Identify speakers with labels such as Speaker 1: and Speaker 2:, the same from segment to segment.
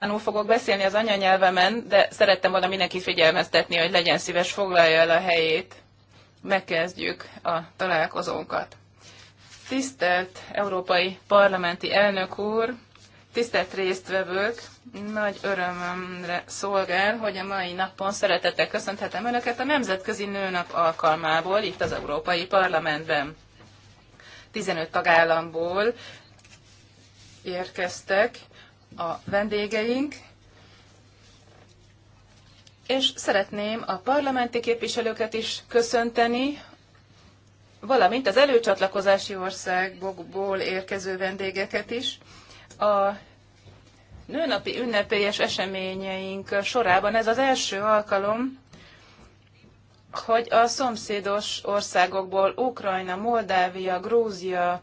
Speaker 1: Románul fogok beszélni az anyanyelvemen, de szerettem volna mindenki figyelmeztetni, hogy legyen szíves, foglalja el a helyét. Megkezdjük a találkozónkat. Tisztelt Európai Parlamenti Elnök úr, tisztelt résztvevők, nagy örömömre szolgál, hogy a mai napon szeretettel köszönhetem Önöket a Nemzetközi Nőnap alkalmából itt az Európai Parlamentben. 15 tagállamból érkeztek a vendégeink, és szeretném a parlamenti képviselőket is köszönteni, valamint az előcsatlakozási országokból érkező vendégeket is. A nőnapi ünnepélyes eseményeink sorában ez az első alkalom, hogy a szomszédos országokból, Ukrajna, Moldávia, Grúzia,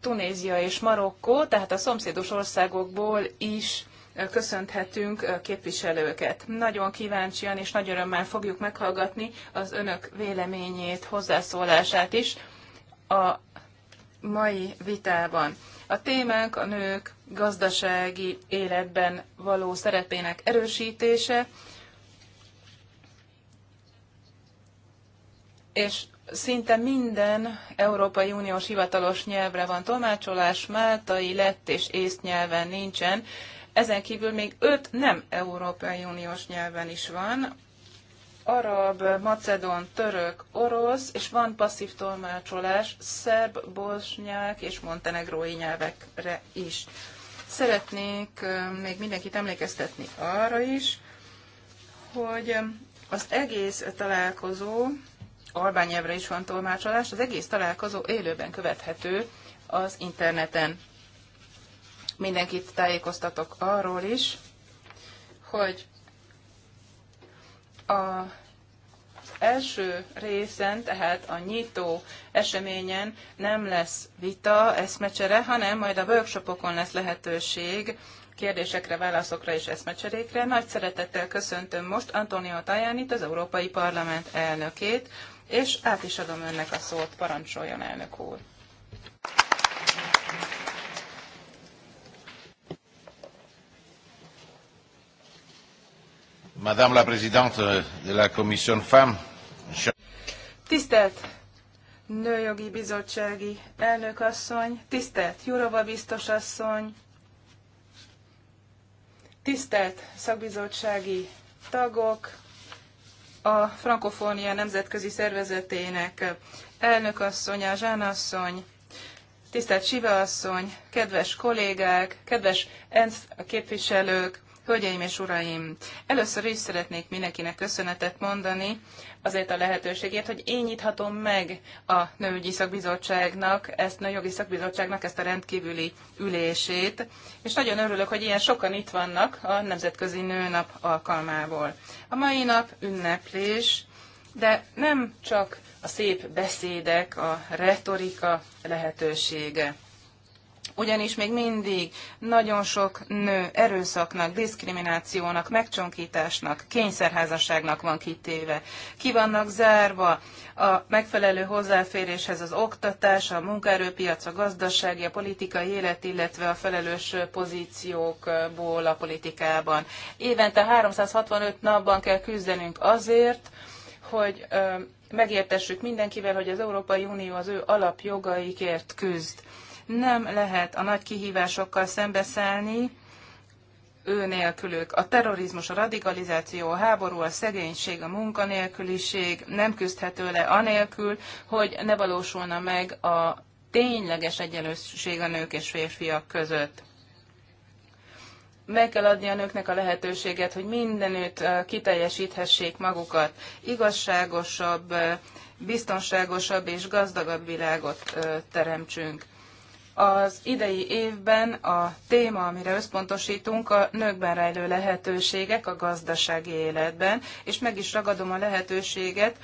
Speaker 1: Tunézia és Marokkó, tehát a szomszédos országokból is köszönthetünk képviselőket. Nagyon kíváncsian és nagy örömmel fogjuk meghallgatni az önök véleményét, hozzászólását is a mai vitában. A témánk a nők gazdasági életben való szerepének erősítése, és Szinte minden Európai Uniós hivatalos nyelvre van tolmácsolás, máltai, lett és észt nyelven nincsen. Ezen kívül még öt nem Európai Uniós nyelven is van, arab, macedon, török, orosz, és van passzív tolmácsolás szerb, bosnyák és montenegrói nyelvekre is. Szeretnék még mindenkit emlékeztetni arra is, hogy az egész találkozó albán nyelvre is van tolmácsolás, az egész találkozó élőben követhető az interneten. Mindenkit tájékoztatok arról is, hogy a első részen, tehát a nyitó eseményen nem lesz vita, eszmecsere, hanem majd a workshopokon lesz lehetőség kérdésekre, válaszokra és eszmecserékre. Nagy szeretettel köszöntöm most Antonio Tajánit, az Európai Parlament elnökét, és át is adom önnek a szót, parancsoljon elnök úr.
Speaker 2: Madame la Présidente de la Commission Femme.
Speaker 1: Tisztelt Nőjogi Bizottsági Elnökasszony, tisztelt Jurova biztosasszony, tisztelt szakbizottsági tagok, a Frankofónia Nemzetközi Szervezetének elnökasszonya, Zsánasszony, tisztelt Siva asszony, kedves kollégák, kedves ENSZ képviselők, Hölgyeim és uraim, először is szeretnék mindenkinek köszönetet mondani azért a lehetőségért, hogy én nyithatom meg a Nőügyi Szakbizottságnak, ezt a Jogi Szakbizottságnak ezt a rendkívüli ülését, és nagyon örülök, hogy ilyen sokan itt vannak a Nemzetközi Nőnap alkalmából. A mai nap ünneplés, de nem csak a szép beszédek, a retorika lehetősége ugyanis még mindig nagyon sok nő erőszaknak, diszkriminációnak, megcsonkításnak, kényszerházasságnak van kitéve. Ki vannak zárva a megfelelő hozzáféréshez az oktatás, a munkaerőpiac, a gazdasági, a politikai élet, illetve a felelős pozíciókból a politikában. Évente 365 napban kell küzdenünk azért, hogy megértessük mindenkivel, hogy az Európai Unió az ő alapjogaikért küzd. Nem lehet a nagy kihívásokkal szembeszállni, ő nélkülük. A terrorizmus, a radikalizáció, a háború, a szegénység, a munkanélküliség nem küzdhető le anélkül, hogy ne valósulna meg a tényleges egyenlőség a nők és férfiak között. Meg kell adni a nőknek a lehetőséget, hogy mindenütt kiteljesíthessék magukat. Igazságosabb, biztonságosabb és gazdagabb világot teremtsünk. Az idei évben a téma, amire összpontosítunk, a nőkben rejlő lehetőségek a gazdasági életben, és meg is ragadom a lehetőséget,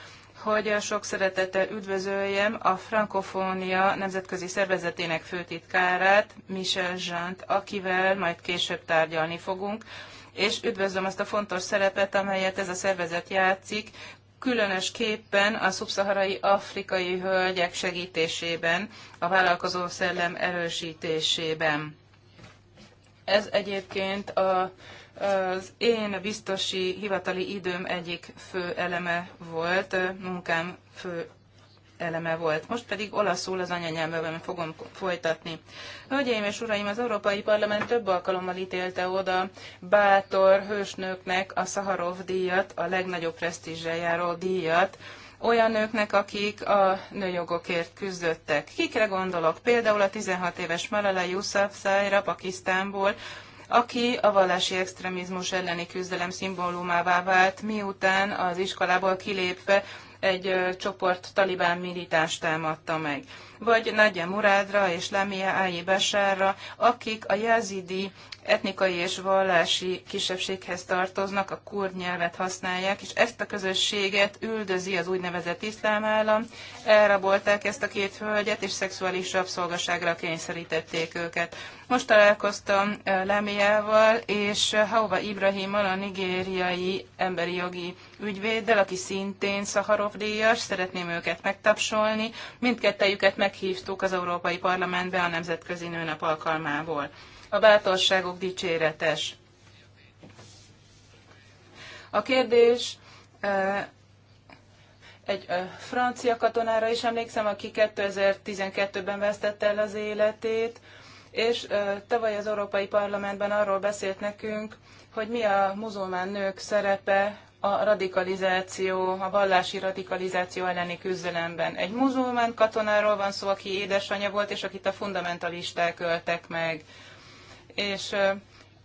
Speaker 1: hogy sok szeretettel üdvözöljem a Frankofónia Nemzetközi Szervezetének főtitkárát, Michel Jeant, akivel majd később tárgyalni fogunk és üdvözlöm azt a fontos szerepet, amelyet ez a szervezet játszik különösképpen a szubszaharai afrikai hölgyek segítésében, a vállalkozó szellem erősítésében. Ez egyébként a, az én biztosi hivatali időm egyik fő eleme volt, munkám fő eleme volt. Most pedig olaszul az anyanyelvemben fogom folytatni. Hölgyeim és uraim, az Európai Parlament több alkalommal ítélte oda bátor hősnőknek a Szaharov díjat, a legnagyobb presztízsel járó díjat, olyan nőknek, akik a nőjogokért küzdöttek. Kikre gondolok? Például a 16 éves Malala Yousafzai, Pakisztánból, aki a vallási extrémizmus elleni küzdelem szimbólumává vált, miután az iskolából kilépve egy csoport talibán militáns támadta meg vagy Nagyja Murádra és Lemia Ájé Besárra, akik a jazidi etnikai és vallási kisebbséghez tartoznak, a kurd nyelvet használják, és ezt a közösséget üldözi az úgynevezett iszlám állam. Elrabolták ezt a két hölgyet, és szexuális rabszolgaságra kényszerítették őket. Most találkoztam eh, Lemiával és eh, Hauva Ibrahimmal, a nigériai emberi jogi ügyvéddel, aki szintén Szaharov díjas, szeretném őket megtapsolni. Mindkettejüket meg meghívtuk az Európai Parlamentbe a Nemzetközi Nőnap alkalmából. A bátorságok dicséretes. A kérdés egy francia katonára is emlékszem, aki 2012-ben vesztette el az életét, és tavaly az Európai Parlamentben arról beszélt nekünk, hogy mi a muzulmán nők szerepe a radikalizáció, a vallási radikalizáció elleni küzdelemben. Egy muzulmán katonáról van szó, aki édesanyja volt, és akit a fundamentalisták öltek meg. És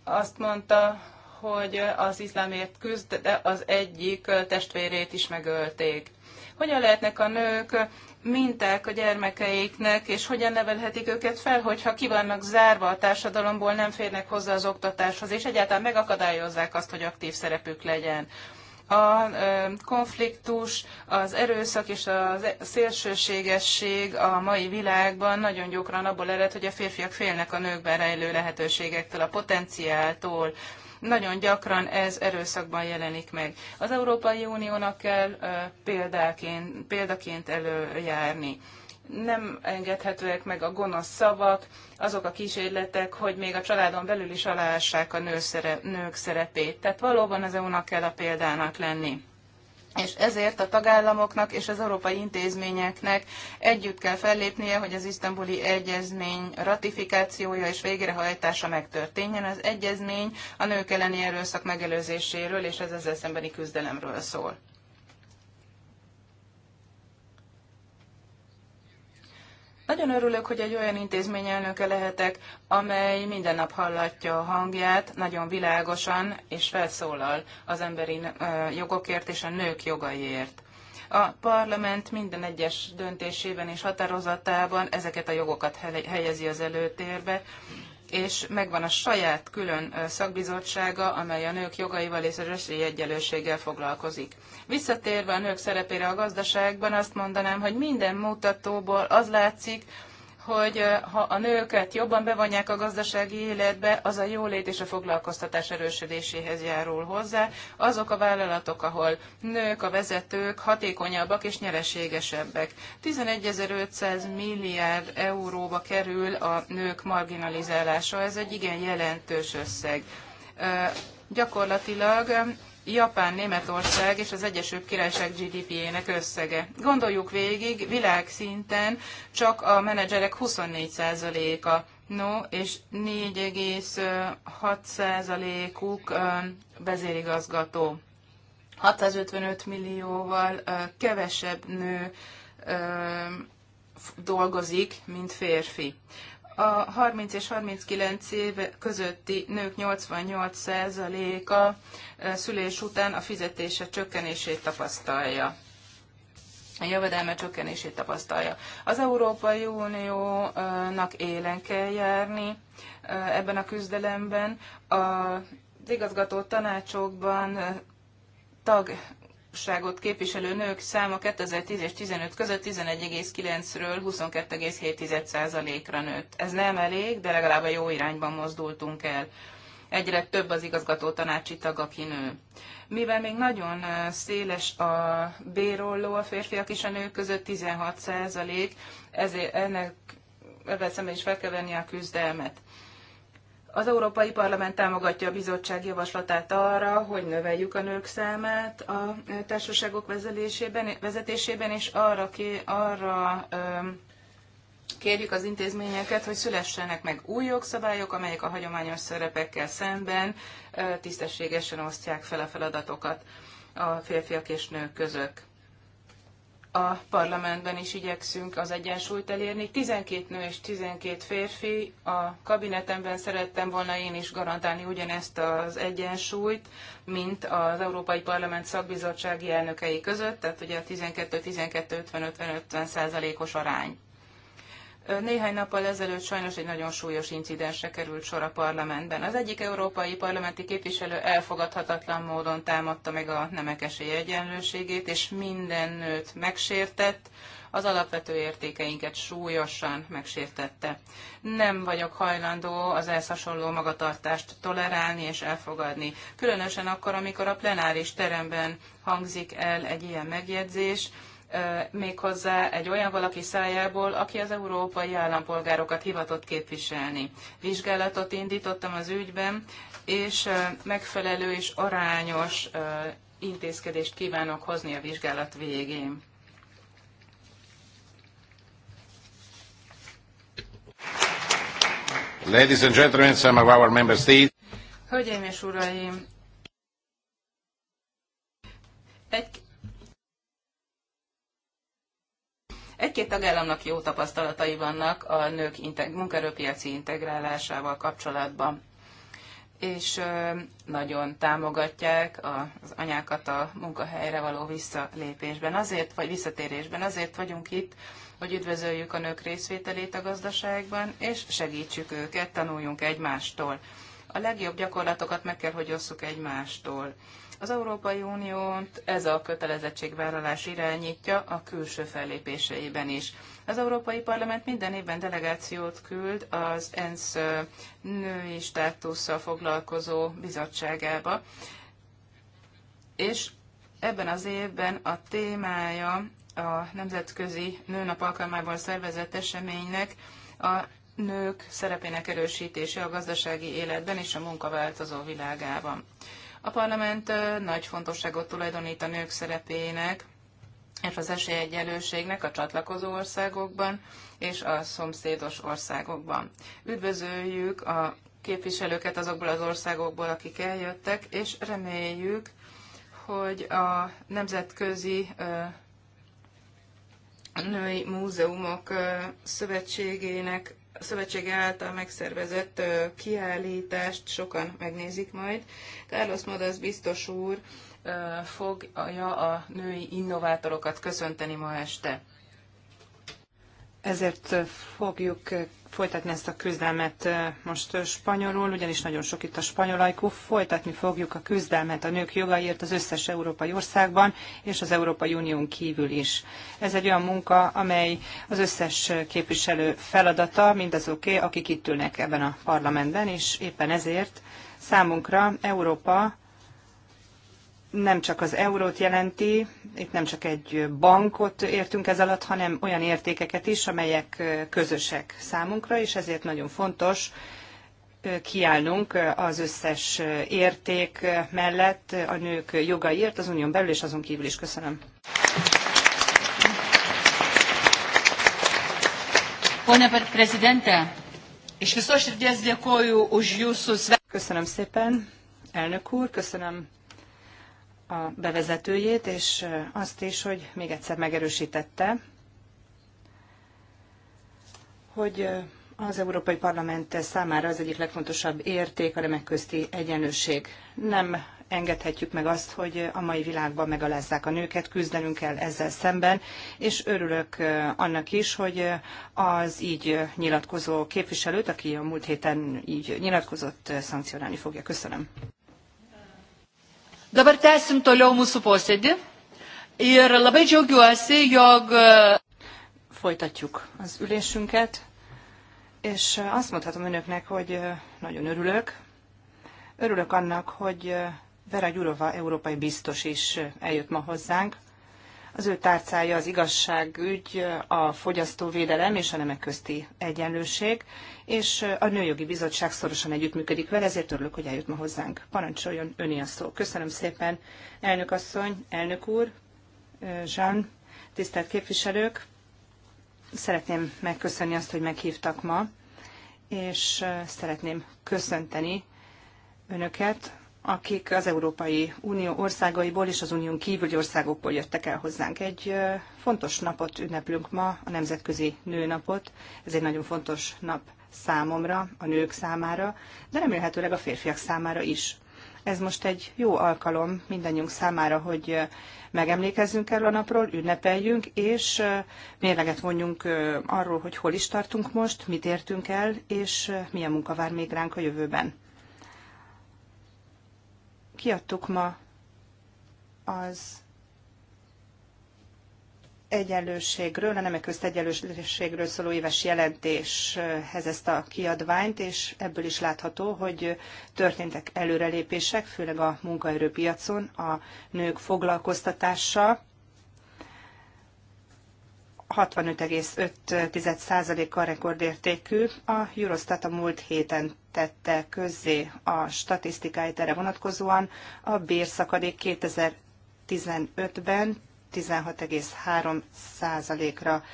Speaker 1: azt mondta, hogy az iszlámért küzd, de az egyik testvérét is megölték. Hogyan lehetnek a nők minták a gyermekeiknek, és hogyan nevelhetik őket fel, hogyha ki vannak zárva a társadalomból, nem férnek hozzá az oktatáshoz, és egyáltalán megakadályozzák azt, hogy aktív szerepük legyen a konfliktus, az erőszak és a szélsőségesség a mai világban nagyon gyakran abból ered, hogy a férfiak félnek a nőkben rejlő lehetőségektől, a potenciáltól. Nagyon gyakran ez erőszakban jelenik meg. Az Európai Uniónak kell példaként, példaként előjárni nem engedhetőek meg a gonosz szavak, azok a kísérletek, hogy még a családon belül is aláássák a nők szerepét. Tehát valóban az EU-nak kell a példának lenni. És ezért a tagállamoknak és az európai intézményeknek együtt kell fellépnie, hogy az isztambuli egyezmény ratifikációja és végrehajtása megtörténjen. Az egyezmény a nők elleni erőszak megelőzéséről és az ezzel szembeni küzdelemről szól. Nagyon örülök, hogy egy olyan intézmény elnöke lehetek, amely minden nap hallatja a hangját, nagyon világosan és felszólal az emberi jogokért és a nők jogaiért. A parlament minden egyes döntésében és határozatában ezeket a jogokat helyezi az előtérbe, és megvan a saját külön szakbizottsága, amely a nők jogaival és az esélyegyelőséggel foglalkozik. Visszatérve a nők szerepére a gazdaságban, azt mondanám, hogy minden mutatóból az látszik, hogy ha a nőket jobban bevonják a gazdasági életbe, az a jólét és a foglalkoztatás erősödéséhez járul hozzá. Azok a vállalatok, ahol nők, a vezetők hatékonyabbak és nyereségesebbek. 11.500 milliárd euróba kerül a nők marginalizálása, ez egy igen jelentős összeg. Gyakorlatilag Japán, Németország és az Egyesült Királyság GDP-jének összege. Gondoljuk végig, világszinten csak a menedzserek 24%-a, no, és 4,6%-uk vezérigazgató. 655 millióval kevesebb nő dolgozik, mint férfi a 30 és 39 év közötti nők 88%-a szülés után a fizetése csökkenését tapasztalja a jövedelme csökkenését tapasztalja. Az Európai Uniónak élen kell járni ebben a küzdelemben. Az igazgató tanácsokban tag lakosságot képviselő nők száma 2010 és 15 között 11,9-ről 22,7%-ra nőtt. Ez nem elég, de legalább a jó irányban mozdultunk el. Egyre több az igazgató tanácsi tag, aki nő. Mivel még nagyon széles a bérolló a férfiak és a nők között 16 ezért ennek ebben szemben is fel kell venni a küzdelmet. Az Európai Parlament támogatja a bizottság javaslatát arra, hogy növeljük a nők számát a társaságok vezetésében, és arra, ki, arra kérjük az intézményeket, hogy szülessenek meg új jogszabályok, amelyek a hagyományos szerepekkel szemben tisztességesen osztják fel a feladatokat a férfiak és nők között a parlamentben is igyekszünk az egyensúlyt elérni. 12 nő és 12 férfi a kabinetemben szerettem volna én is garantálni ugyanezt az egyensúlyt, mint az Európai Parlament szakbizottsági elnökei között, tehát ugye a 12-12-50-50-50 százalékos arány. Néhány nappal ezelőtt sajnos egy nagyon súlyos incidensre került sor a parlamentben. Az egyik európai parlamenti képviselő elfogadhatatlan módon támadta meg a nemek egyenlőségét, és minden nőt megsértett, az alapvető értékeinket súlyosan megsértette. Nem vagyok hajlandó az ehhez hasonló magatartást tolerálni és elfogadni. Különösen akkor, amikor a plenáris teremben hangzik el egy ilyen megjegyzés, méghozzá egy olyan valaki szájából, aki az európai állampolgárokat hivatott képviselni. Vizsgálatot indítottam az ügyben, és megfelelő és arányos intézkedést kívánok hozni a vizsgálat végén.
Speaker 2: Ladies and gentlemen, some of our member states.
Speaker 1: Hölgyeim és uraim, egy Egy-két tagállamnak jó tapasztalatai vannak a nők integ- munkaerőpiaci integrálásával kapcsolatban és nagyon támogatják az anyákat a munkahelyre való visszalépésben. Azért, vagy visszatérésben, azért vagyunk itt, hogy üdvözöljük a nők részvételét a gazdaságban, és segítsük őket, tanuljunk egymástól. A legjobb gyakorlatokat meg kell, hogy osszuk egymástól. Az Európai Uniót ez a kötelezettségvállalás irányítja a külső fellépéseiben is. Az Európai Parlament minden évben delegációt küld az ENSZ női státusszal foglalkozó bizottságába, és ebben az évben a témája a Nemzetközi Nőnap alkalmából szervezett eseménynek a nők szerepének erősítése a gazdasági életben és a munkaváltozó világában. A parlament nagy fontosságot tulajdonít a nők szerepének és az esélyegyenlőségnek a csatlakozó országokban és a szomszédos országokban. Üdvözöljük a képviselőket azokból az országokból, akik eljöttek, és reméljük, hogy a nemzetközi női múzeumok szövetségének szövetség által megszervezett kiállítást sokan megnézik majd. Carlos Modas biztos úr fogja a női innovátorokat
Speaker 2: köszönteni ma este. Ezért fogjuk folytatni ezt a küzdelmet most spanyolul, ugyanis nagyon sok itt a spanyolajkú. Folytatni fogjuk a küzdelmet a nők jogaiért az összes európai országban és az Európai Unión kívül is. Ez egy olyan munka, amely az összes képviselő feladata, mindazoké, akik itt ülnek ebben a parlamentben, és éppen ezért számunkra Európa nem csak az eurót jelenti, itt nem csak egy bankot értünk ez alatt, hanem olyan értékeket is, amelyek közösek számunkra, és ezért nagyon fontos kiállnunk az összes érték mellett a nők jogaiért az unión belül és azon kívül is. Köszönöm. Köszönöm szépen, elnök úr, köszönöm a bevezetőjét, és azt is, hogy még egyszer megerősítette, hogy az Európai Parlament számára az egyik legfontosabb érték a remek közti egyenlőség. Nem engedhetjük meg azt, hogy a mai világban megalázzák a nőket, küzdenünk kell ezzel szemben, és örülök annak is, hogy az így nyilatkozó képviselőt, aki a múlt héten így nyilatkozott, szankcionálni fogja. Köszönöm. Dabar tęsim toliau mūsų posėdį ir labai džiaugiuosi, jog. E, Folytatjuk az ülésünket, és azt mondhatom önöknek, hogy e, nagyon örülök. Örülök annak, hogy e, Vera Gyurova, európai biztos is eljött ma hozzánk az ő tárcája az igazságügy, a fogyasztóvédelem és a nemek közti egyenlőség, és a Nőjogi Bizottság szorosan együttműködik vele, ezért örülök, hogy eljut ma hozzánk. Parancsoljon öni a szó. Köszönöm szépen, elnök asszony, elnök úr, Jean, tisztelt képviselők. Szeretném megköszönni azt, hogy meghívtak ma, és szeretném köszönteni önöket, akik az Európai Unió országaiból és az unión kívüli országokból jöttek el hozzánk. Egy fontos napot ünneplünk ma, a Nemzetközi Nőnapot. Ez egy nagyon fontos nap számomra, a nők számára, de remélhetőleg a férfiak számára is. Ez most egy jó alkalom mindannyiunk számára, hogy megemlékezzünk erről a napról, ünnepeljünk, és mérleget vonjunk arról, hogy hol is tartunk most, mit értünk el, és milyen munka vár még ránk a jövőben kiadtuk ma az egyenlőségről, a nemek közt egyenlőségről szóló éves jelentéshez ezt a kiadványt, és ebből is látható, hogy történtek előrelépések, főleg a munkaerőpiacon, a nők foglalkoztatása 65,5%-kal rekordértékű. A Eurostat a múlt héten tette közzé a statisztikáit erre vonatkozóan. A bérszakadék 2015-ben 16,3%-ra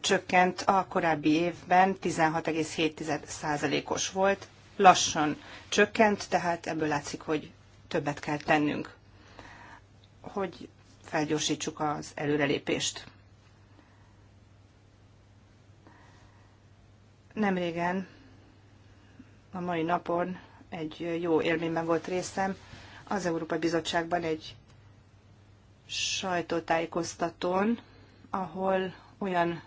Speaker 2: csökkent, a korábbi évben 16,7%-os volt. Lassan csökkent, tehát ebből látszik, hogy többet kell tennünk, hogy felgyorsítsuk az előrelépést. Nemrégen, a mai napon egy jó élményben volt részem, az Európai Bizottságban egy sajtótájékoztatón, ahol olyan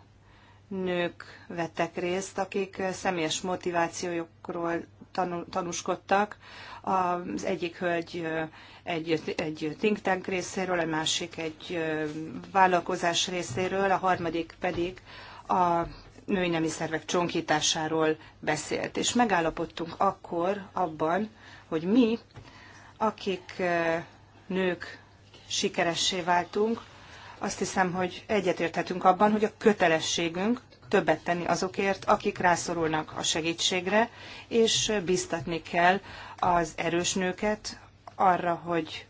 Speaker 2: nők vettek részt, akik személyes motivációjukról tanul, tanúskodtak. Az egyik hölgy egy, egy think tank részéről, a másik egy vállalkozás részéről, a harmadik pedig a női nemi szervek csonkításáról beszélt, és megállapodtunk akkor abban, hogy mi, akik nők sikeressé váltunk, azt hiszem, hogy egyetérthetünk abban, hogy a kötelességünk többet tenni azokért, akik rászorulnak a segítségre, és biztatni kell az erős nőket arra, hogy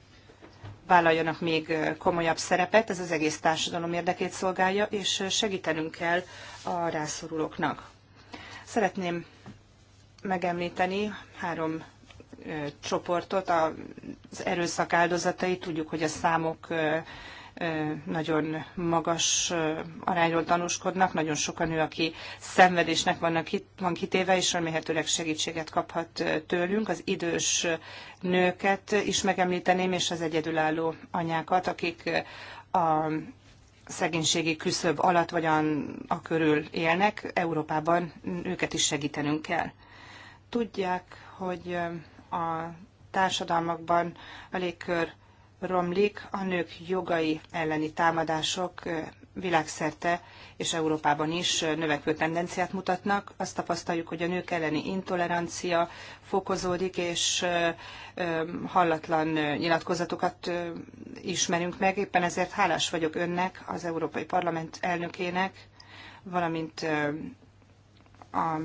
Speaker 2: vállaljanak még komolyabb szerepet, ez az egész társadalom érdekét szolgálja, és segítenünk kell a rászorulóknak. Szeretném megemlíteni három csoportot, az erőszak áldozatai, tudjuk, hogy a számok nagyon magas arányról tanúskodnak, nagyon sokan ő, aki szenvedésnek vannak, van kitéve, és remélhetőleg segítséget kaphat tőlünk. Az idős nőket is megemlíteném, és az egyedülálló anyákat, akik a szegénységi küszöb alatt vagy a körül élnek, Európában őket is segítenünk kell. Tudják, hogy a társadalmakban a légkör romlik a nők jogai elleni támadások világszerte és Európában is növekvő tendenciát mutatnak. Azt tapasztaljuk, hogy a nők elleni intolerancia fokozódik, és hallatlan nyilatkozatokat ismerünk meg. Éppen ezért hálás vagyok önnek, az Európai Parlament elnökének, valamint a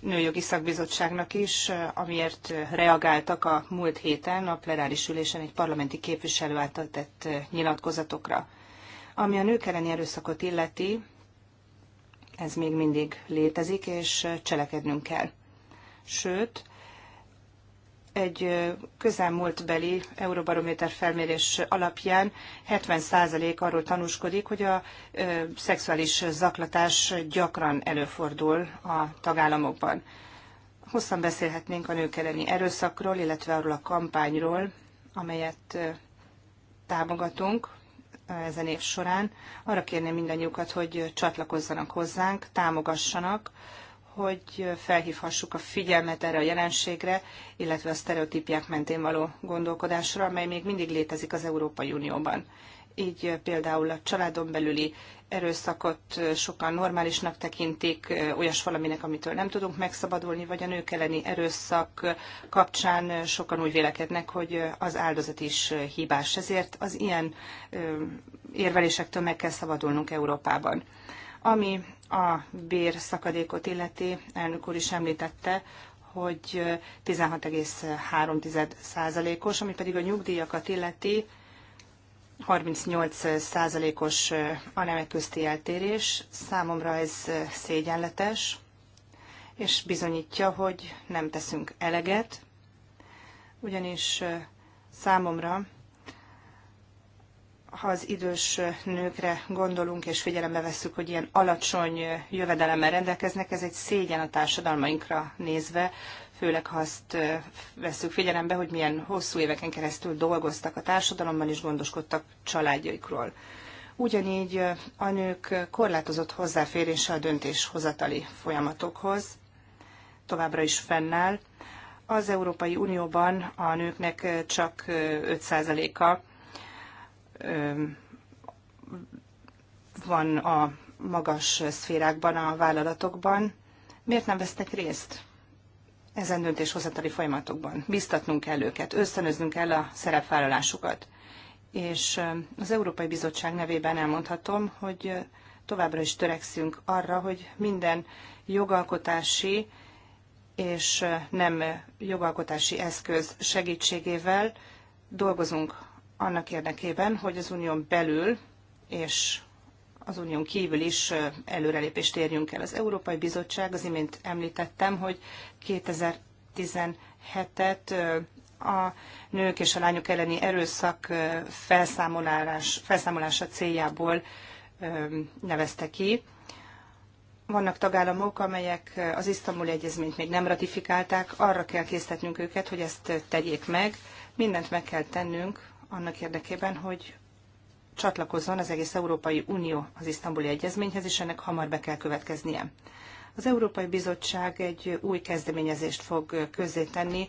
Speaker 2: Nőjogi Szakbizottságnak is, amiért reagáltak a múlt héten a plenáris ülésen egy parlamenti képviselő által tett nyilatkozatokra. Ami a nők elleni erőszakot illeti, ez még mindig létezik, és cselekednünk kell. Sőt, egy közelmúltbeli Euróbarométer felmérés alapján 70% arról tanúskodik, hogy a szexuális zaklatás gyakran előfordul a tagállamokban. Hosszan beszélhetnénk a nők elleni erőszakról, illetve arról a kampányról, amelyet támogatunk ezen év során. Arra kérném mindannyiukat, hogy csatlakozzanak hozzánk, támogassanak, hogy felhívhassuk a figyelmet erre a jelenségre, illetve a sztereotípiák mentén való gondolkodásra, amely még mindig létezik az Európai Unióban. Így például a családon belüli erőszakot sokan normálisnak tekintik, olyas valaminek, amitől nem tudunk megszabadulni, vagy a nők elleni erőszak kapcsán sokan úgy vélekednek, hogy az áldozat is hibás. Ezért az ilyen érvelésektől meg kell szabadulnunk Európában. Ami a bérszakadékot illeti, elnök úr is említette, hogy 16,3%-os, ami pedig a nyugdíjakat illeti, 38%-os a nemek közti eltérés. Számomra ez szégyenletes, és bizonyítja, hogy nem teszünk eleget, ugyanis számomra ha az idős nőkre gondolunk, és figyelembe vesszük, hogy ilyen alacsony jövedelemmel rendelkeznek, ez egy szégyen a társadalmainkra nézve, főleg ha azt vesszük figyelembe, hogy milyen hosszú éveken keresztül dolgoztak a társadalomban, és gondoskodtak családjaikról. Ugyanígy a nők korlátozott hozzáférése a döntéshozatali folyamatokhoz továbbra is fennáll. Az Európai Unióban a nőknek csak 5%-a van a magas szférákban, a vállalatokban, miért nem vesznek részt ezen döntéshozatali folyamatokban? Biztatnunk kell őket, ösztönöznünk kell a szerepvállalásukat. És az Európai Bizottság nevében elmondhatom, hogy továbbra is törekszünk arra, hogy minden jogalkotási és nem jogalkotási eszköz segítségével dolgozunk annak érdekében, hogy az unión belül és az unión kívül is előrelépést érjünk el. Az Európai Bizottság, az imént említettem, hogy 2017-et a nők és a lányok elleni erőszak felszámolás, felszámolása céljából nevezte ki. Vannak tagállamok, amelyek az isztambuli egyezményt még nem ratifikálták, arra kell késztetnünk őket, hogy ezt tegyék meg. Mindent meg kell tennünk annak érdekében, hogy csatlakozzon az egész Európai Unió az isztambuli egyezményhez, és ennek hamar be kell következnie. Az Európai Bizottság egy új kezdeményezést fog közzétenni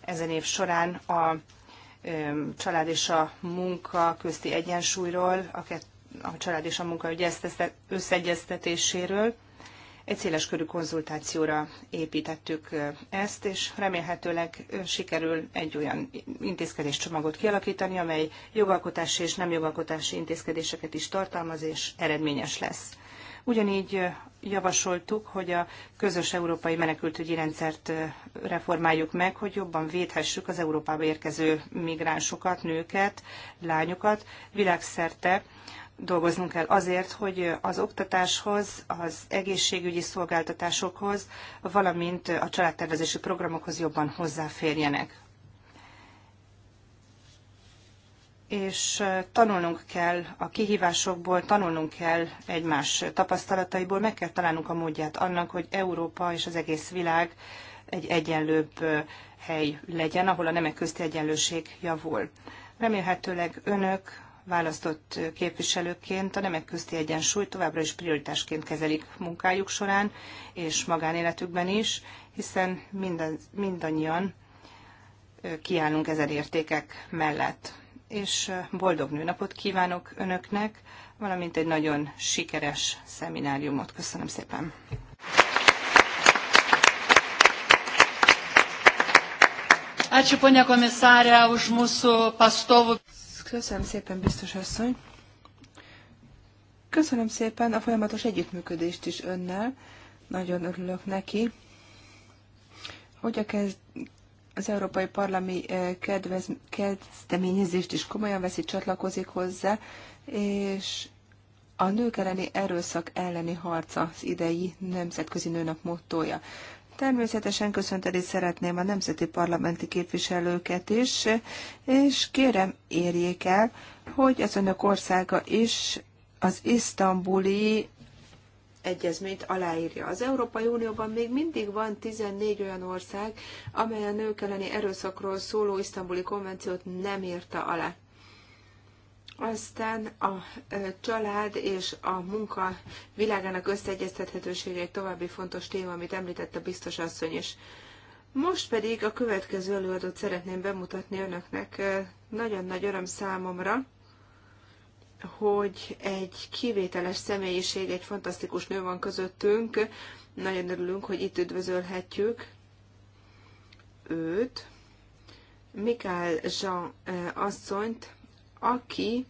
Speaker 2: ezen év során a család és a munka közti egyensúlyról, a, a család és a munka összeegyeztetéséről, egy körű konzultációra építettük ezt, és remélhetőleg sikerül egy olyan intézkedéscsomagot kialakítani, amely jogalkotási és nem jogalkotási intézkedéseket is tartalmaz, és eredményes lesz. Ugyanígy javasoltuk, hogy a közös európai menekültügyi rendszert reformáljuk meg, hogy jobban védhessük az Európába érkező migránsokat, nőket, lányokat világszerte dolgoznunk kell azért, hogy az oktatáshoz, az egészségügyi szolgáltatásokhoz, valamint a családtervezési programokhoz jobban hozzáférjenek. és tanulnunk kell a kihívásokból, tanulnunk kell egymás tapasztalataiból, meg kell találnunk a módját annak, hogy Európa és az egész világ egy egyenlőbb hely legyen, ahol a nemek közti egyenlőség javul. Remélhetőleg önök választott képviselőként a nemek közti egyensúly továbbra is prioritásként kezelik munkájuk során és magánéletükben is, hiszen mindaz, mindannyian kiállunk ezen értékek mellett. És boldog nőnapot kívánok Önöknek, valamint egy nagyon sikeres szemináriumot. Köszönöm szépen!
Speaker 3: Ačiū, ponia komisarė, už mūsų pastovų. Köszönöm szépen, biztos asszony. Köszönöm szépen a folyamatos együttműködést is önnel. Nagyon örülök neki. Hogy a kezd, az Európai Parlami eh, kedvez, kezdeményezést is komolyan veszi, csatlakozik hozzá, és a nők elleni erőszak elleni harca az idei nemzetközi nőnap mottoja. Természetesen köszönteni szeretném a nemzeti parlamenti képviselőket is, és kérem érjék el, hogy az önök országa is az isztambuli egyezményt aláírja. Az Európai Unióban még mindig van 14 olyan ország, amely a nők elleni erőszakról szóló isztambuli konvenciót nem írta alá. Aztán a család és a munka világának összeegyeztethetősége egy további fontos téma, amit említett a biztos asszony is. Most pedig a következő előadót szeretném bemutatni önöknek. Nagyon nagy öröm számomra, hogy egy kivételes személyiség, egy fantasztikus nő van közöttünk. Nagyon örülünk, hogy itt üdvözölhetjük őt, Mikál Jean asszonyt, aki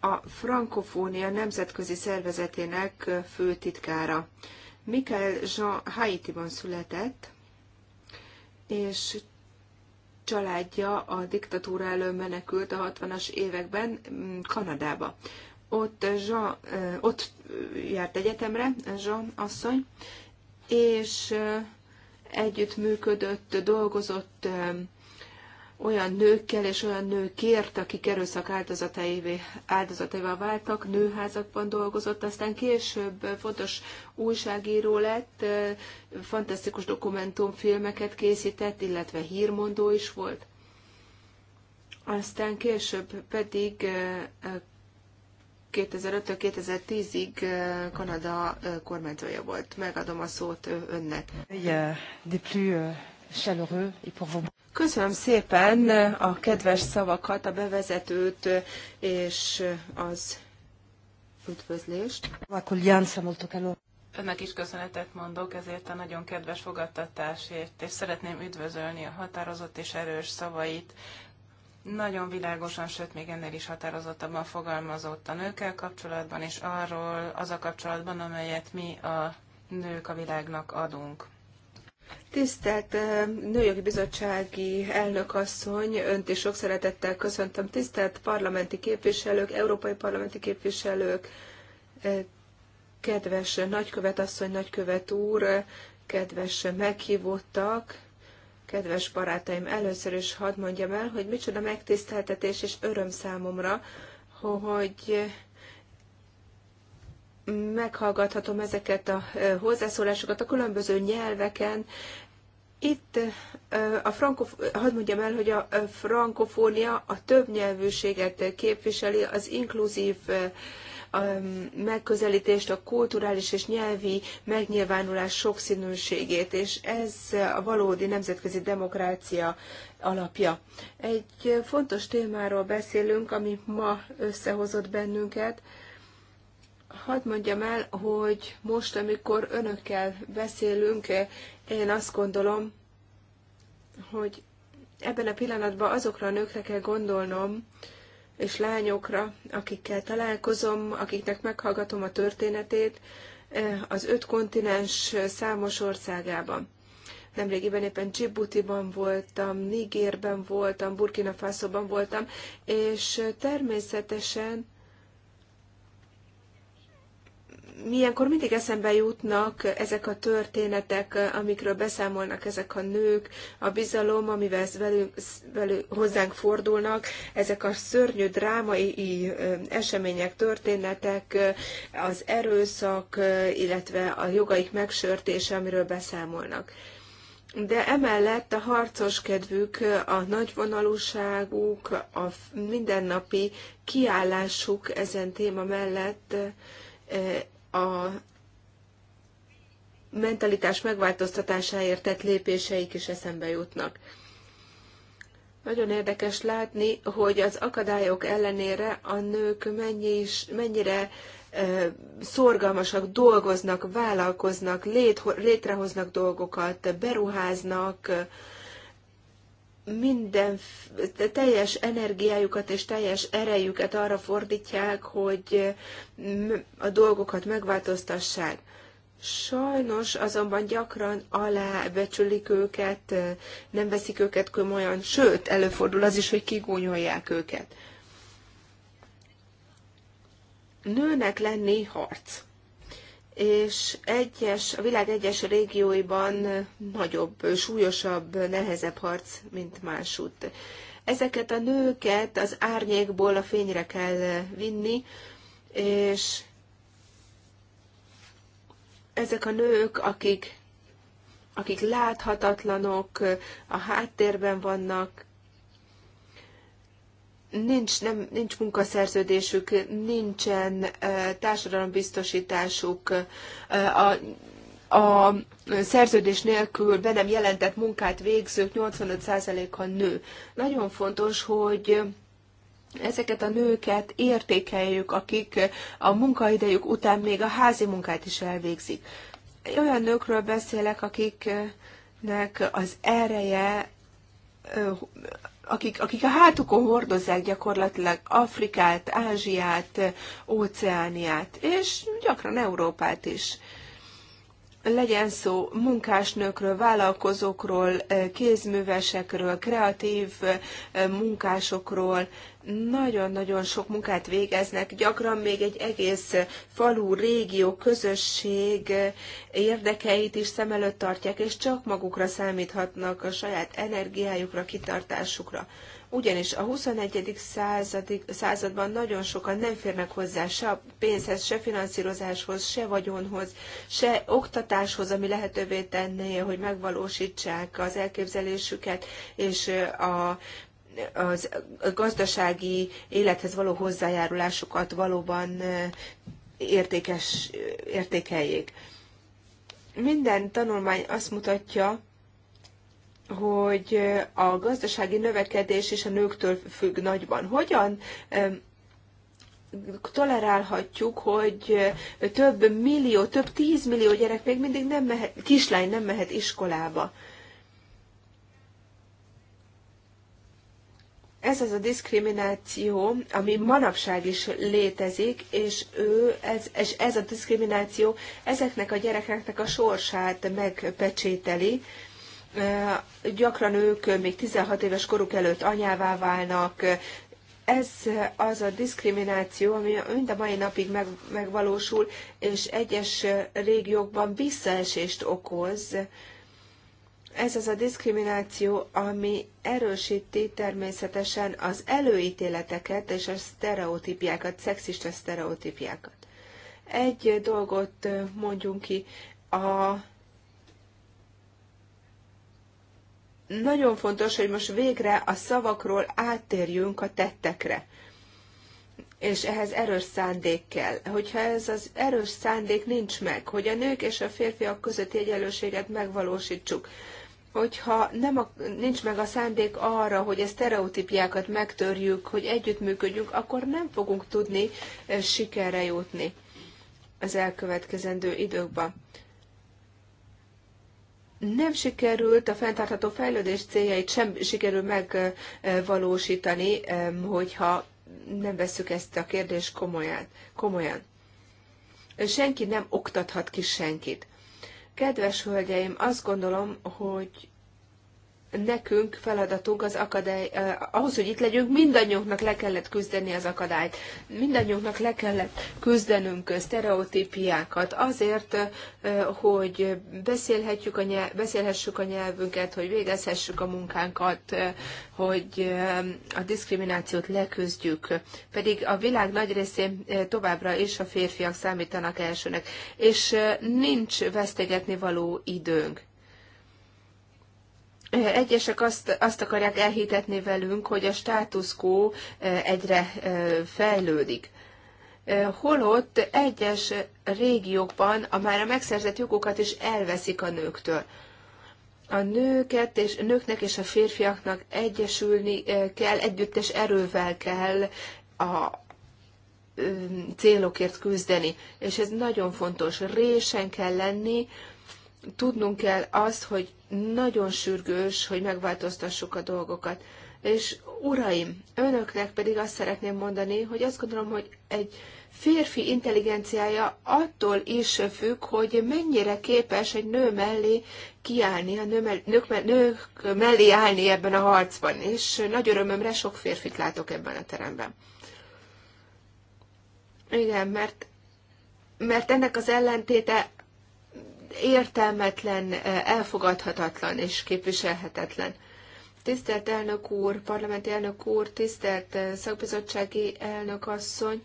Speaker 3: a Frankofónia Nemzetközi Szervezetének főtitkára. Mikael Jean Haitiban született, és családja a diktatúra elől menekült a 60-as években mm, Kanadába. Ott, Jean, ott járt egyetemre Jean asszony, és együttműködött, dolgozott olyan nőkkel és olyan nőkért, akik erőszak áldozataivé, áldozataival váltak, nőházakban dolgozott, aztán később fontos újságíró lett, fantasztikus dokumentumfilmeket készített, illetve hírmondó is volt. Aztán később pedig 2005-től 2010-ig Kanada kormányzója volt. Megadom a szót önnek.
Speaker 2: Yeah, de plus, euh, chaleureux et pour
Speaker 3: Köszönöm szépen a kedves szavakat, a bevezetőt és az
Speaker 2: üdvözlést.
Speaker 1: Önnek is köszönetet mondok ezért a nagyon kedves fogadtatásért, és szeretném üdvözölni a határozott és erős szavait. Nagyon világosan, sőt még ennél is határozottabban fogalmazott a nőkkel kapcsolatban, és arról az a kapcsolatban, amelyet mi a nők a világnak adunk.
Speaker 3: Tisztelt Nőjogi Bizottsági elnök asszony, önt is sok szeretettel köszöntöm. Tisztelt parlamenti képviselők, európai parlamenti képviselők, kedves nagykövet asszony, nagykövet úr, kedves meghívottak, kedves barátaim, először is hadd mondjam el, hogy micsoda megtiszteltetés és öröm számomra, hogy meghallgathatom ezeket a hozzászólásokat a különböző nyelveken. Itt a frankof- hadd mondjam el, hogy a frankofónia a többnyelvűséget képviseli, az inkluzív a megközelítést, a kulturális és nyelvi megnyilvánulás sokszínűségét, és ez a valódi nemzetközi demokrácia alapja. Egy fontos témáról beszélünk, ami ma összehozott bennünket, Hadd mondjam el, hogy most, amikor önökkel beszélünk, én azt gondolom, hogy ebben a pillanatban azokra a nőkre kell gondolnom, és lányokra, akikkel találkozom, akiknek meghallgatom a történetét, eh, az öt kontinens számos országában. Nemrégiben éppen Djiboutiban voltam, Nigérben voltam, Burkina Fasoban voltam, és természetesen milyenkor mindig eszembe jutnak ezek a történetek, amikről beszámolnak ezek a nők, a bizalom, amivel velünk, velünk, hozzánk fordulnak, ezek a szörnyű drámai események, történetek, az erőszak, illetve a jogaik megsörtése, amiről beszámolnak. De emellett a harcos kedvük, a nagyvonalúságuk, a mindennapi kiállásuk ezen téma mellett a mentalitás megváltoztatásáért tett lépéseik is eszembe jutnak. Nagyon érdekes látni, hogy az akadályok ellenére a nők mennyi is, mennyire szorgalmasak, dolgoznak, vállalkoznak, létrehoznak dolgokat, beruháznak, minden teljes energiájukat és teljes erejüket arra fordítják, hogy a dolgokat megváltoztassák. Sajnos azonban gyakran alábecsülik őket, nem veszik őket komolyan, sőt, előfordul az is, hogy kigúnyolják őket. Nőnek lenni harc és egyes, a világ egyes régióiban nagyobb, súlyosabb, nehezebb harc, mint másút. Ezeket a nőket az árnyékból a fényre kell vinni, és ezek a nők, akik, akik láthatatlanok, a háttérben vannak, nincs, nem, nincs munkaszerződésük, nincsen társadalombiztosításuk, a, a szerződés nélkül be nem jelentett munkát végzők 85%-a nő. Nagyon fontos, hogy ezeket a nőket értékeljük, akik a munkaidejük után még a házi munkát is elvégzik. Olyan nőkről beszélek, akiknek az ereje akik, akik a hátukon hordozzák gyakorlatilag Afrikát, Ázsiát, Óceániát, és gyakran Európát is legyen szó munkásnőkről, vállalkozókról, eh, kézművesekről, kreatív eh, munkásokról, nagyon-nagyon sok munkát végeznek, gyakran még egy egész eh, falu, régió, közösség érdekeit is szem előtt tartják, és csak magukra számíthatnak a saját energiájukra, kitartásukra ugyanis a 21. századik, században nagyon sokan nem férnek hozzá se a pénzhez, se finanszírozáshoz, se vagyonhoz, se oktatáshoz, ami lehetővé tenné, hogy megvalósítsák az elképzelésüket, és a az gazdasági élethez való hozzájárulásukat valóban értékes, értékeljék. Minden tanulmány azt mutatja, hogy a gazdasági növekedés és a nőktől függ nagyban. Hogyan tolerálhatjuk, hogy több millió, több tízmillió gyerek még mindig nem mehet, kislány nem mehet iskolába. Ez az a diszkrimináció, ami manapság is létezik, és, ő, ez, és ez a diszkrimináció ezeknek a gyerekeknek a sorsát megpecsételi gyakran ők még 16 éves koruk előtt anyává válnak. Ez az a diszkrimináció, ami mind a mai napig meg, megvalósul, és egyes régiókban visszaesést okoz. Ez az a diszkrimináció, ami erősíti természetesen az előítéleteket és a sztereotípiákat, szexista sztereotípiákat. Egy dolgot mondjunk ki, a nagyon fontos, hogy most végre a szavakról áttérjünk a tettekre. És ehhez erős szándék kell. Hogyha ez az erős szándék nincs meg, hogy a nők és a férfiak közötti egyenlőséget megvalósítsuk, hogyha nem a, nincs meg a szándék arra, hogy a sztereotípiákat megtörjük, hogy együttműködjünk, akkor nem fogunk tudni eh, sikerre jutni az elkövetkezendő időkben nem sikerült a fenntartható fejlődés céljait sem sikerül megvalósítani, hogyha nem vesszük ezt a kérdést komolyan. komolyan. Senki nem oktathat ki senkit. Kedves hölgyeim, azt gondolom, hogy nekünk feladatunk az akadály, eh, ahhoz, hogy itt legyünk, mindannyiunknak le kellett küzdeni az akadályt. Mindannyiunknak le kellett küzdenünk eh, sztereotípiákat azért, eh, eh, hogy beszélhetjük a nyelv, beszélhessük a nyelvünket, hogy végezhessük a munkánkat, eh, hogy eh, a diszkriminációt leküzdjük. Pedig a világ nagy részén eh, továbbra is a férfiak számítanak elsőnek, és eh, nincs vesztegetni való időnk. Egyesek azt, azt akarják elhitetni velünk, hogy a status quo egyre fejlődik. Holott egyes régiókban a már a megszerzett jogokat is elveszik a nőktől. A nőket és nőknek és a férfiaknak egyesülni kell, együttes erővel kell a célokért küzdeni. És ez nagyon fontos. Résen kell lenni, tudnunk kell azt, hogy nagyon sürgős, hogy megváltoztassuk a dolgokat. És uraim, önöknek pedig azt szeretném mondani, hogy azt gondolom, hogy egy férfi intelligenciája attól is függ, hogy mennyire képes egy nő mellé kiállni, a nő mell- nők, nők mellé állni ebben a harcban. És nagy örömömre sok férfit látok ebben a teremben. Igen, mert, mert ennek az ellentéte értelmetlen, eh, elfogadhatatlan és képviselhetetlen. Tisztelt elnök úr, parlamenti elnök úr, tisztelt eh, szakbizottsági elnök asszony,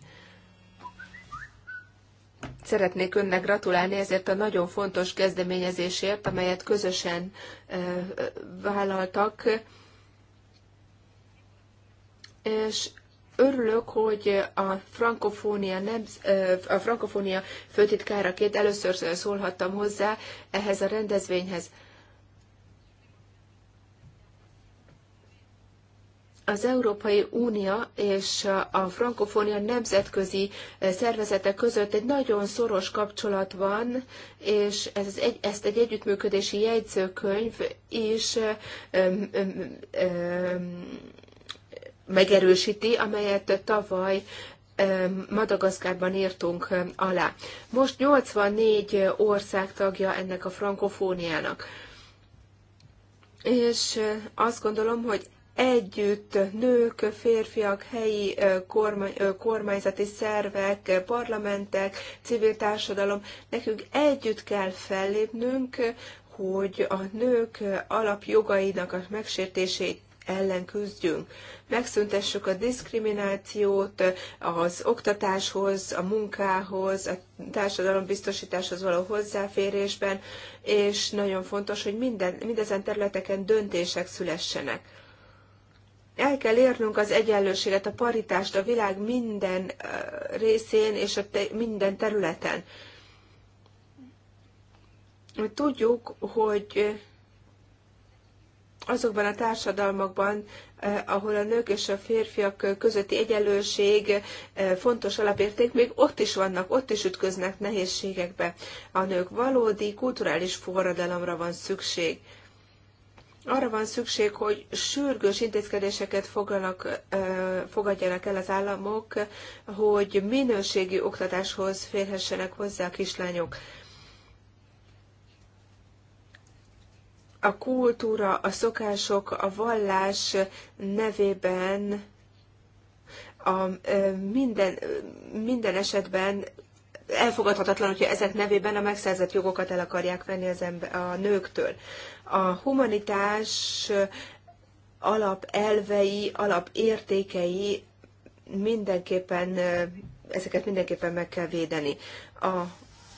Speaker 3: Szeretnék önnek gratulálni ezért a nagyon fontos kezdeményezésért, amelyet közösen eh, vállaltak, és Örülök, hogy a frankofónia, nem, a frankofónia főtitkáraként először szólhattam hozzá ehhez a rendezvényhez. az Európai Unió és a frankofónia nemzetközi szervezete között egy nagyon szoros kapcsolat van, és ez egy, ezt egy együttműködési jegyzőkönyv is öm, megerősíti, amelyet tavaly Madagaszkárban írtunk alá. Most 84 ország tagja ennek a frankofóniának. És azt gondolom, hogy együtt nők, férfiak, helyi kormány, kormányzati szervek, parlamentek, civil társadalom, nekünk együtt kell fellépnünk, hogy a nők alapjogainak a megsértését ellen küzdjünk. Megszüntessük a diszkriminációt az oktatáshoz, a munkához, a társadalombiztosításhoz való hozzáférésben, és nagyon fontos, hogy minden, mindezen területeken döntések szülessenek. El kell érnünk az egyenlőséget, a paritást a világ minden eh, részén és a te, minden területen. Tudjuk, hogy azokban a társadalmakban, eh, ahol a nők és a férfiak közötti egyenlőség eh, fontos alapérték, még ott is vannak, ott is ütköznek nehézségekbe. A nők valódi kulturális forradalomra van szükség. Arra van szükség, hogy sürgős intézkedéseket foglanak, eh, fogadjanak el az államok, hogy minőségi oktatáshoz férhessenek hozzá a kislányok a kultúra, a szokások, a vallás nevében a minden, minden esetben elfogadhatatlan, hogyha ezek nevében a megszerzett jogokat el akarják venni az ember, a nőktől. A humanitás alapelvei, alapértékei mindenképpen, ezeket mindenképpen meg kell védeni. A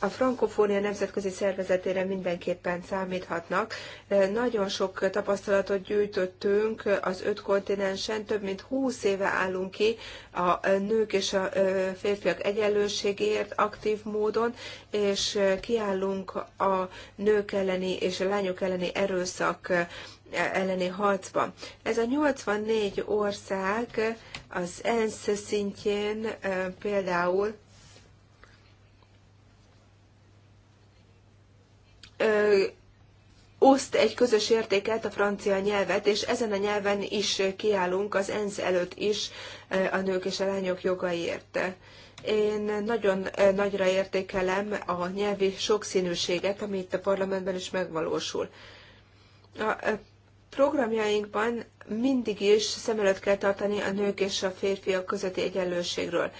Speaker 3: a Frankofónia Nemzetközi Szervezetére mindenképpen számíthatnak. Nagyon sok tapasztalatot gyűjtöttünk az öt kontinensen, több mint húsz éve állunk ki a nők és a férfiak egyenlőségért aktív módon, és kiállunk a nők elleni és a lányok elleni erőszak elleni harcban. Ez a 84 ország az ENSZ szintjén például oszt egy közös értéket, a francia nyelvet, és ezen a nyelven is kiállunk az ENSZ előtt is a nők és a lányok jogaiért. Én nagyon nagyra értékelem a nyelvi sokszínűséget, amit a parlamentben is megvalósul. A programjainkban mindig is szem előtt kell tartani a nők és a férfiak közötti egyenlőségről.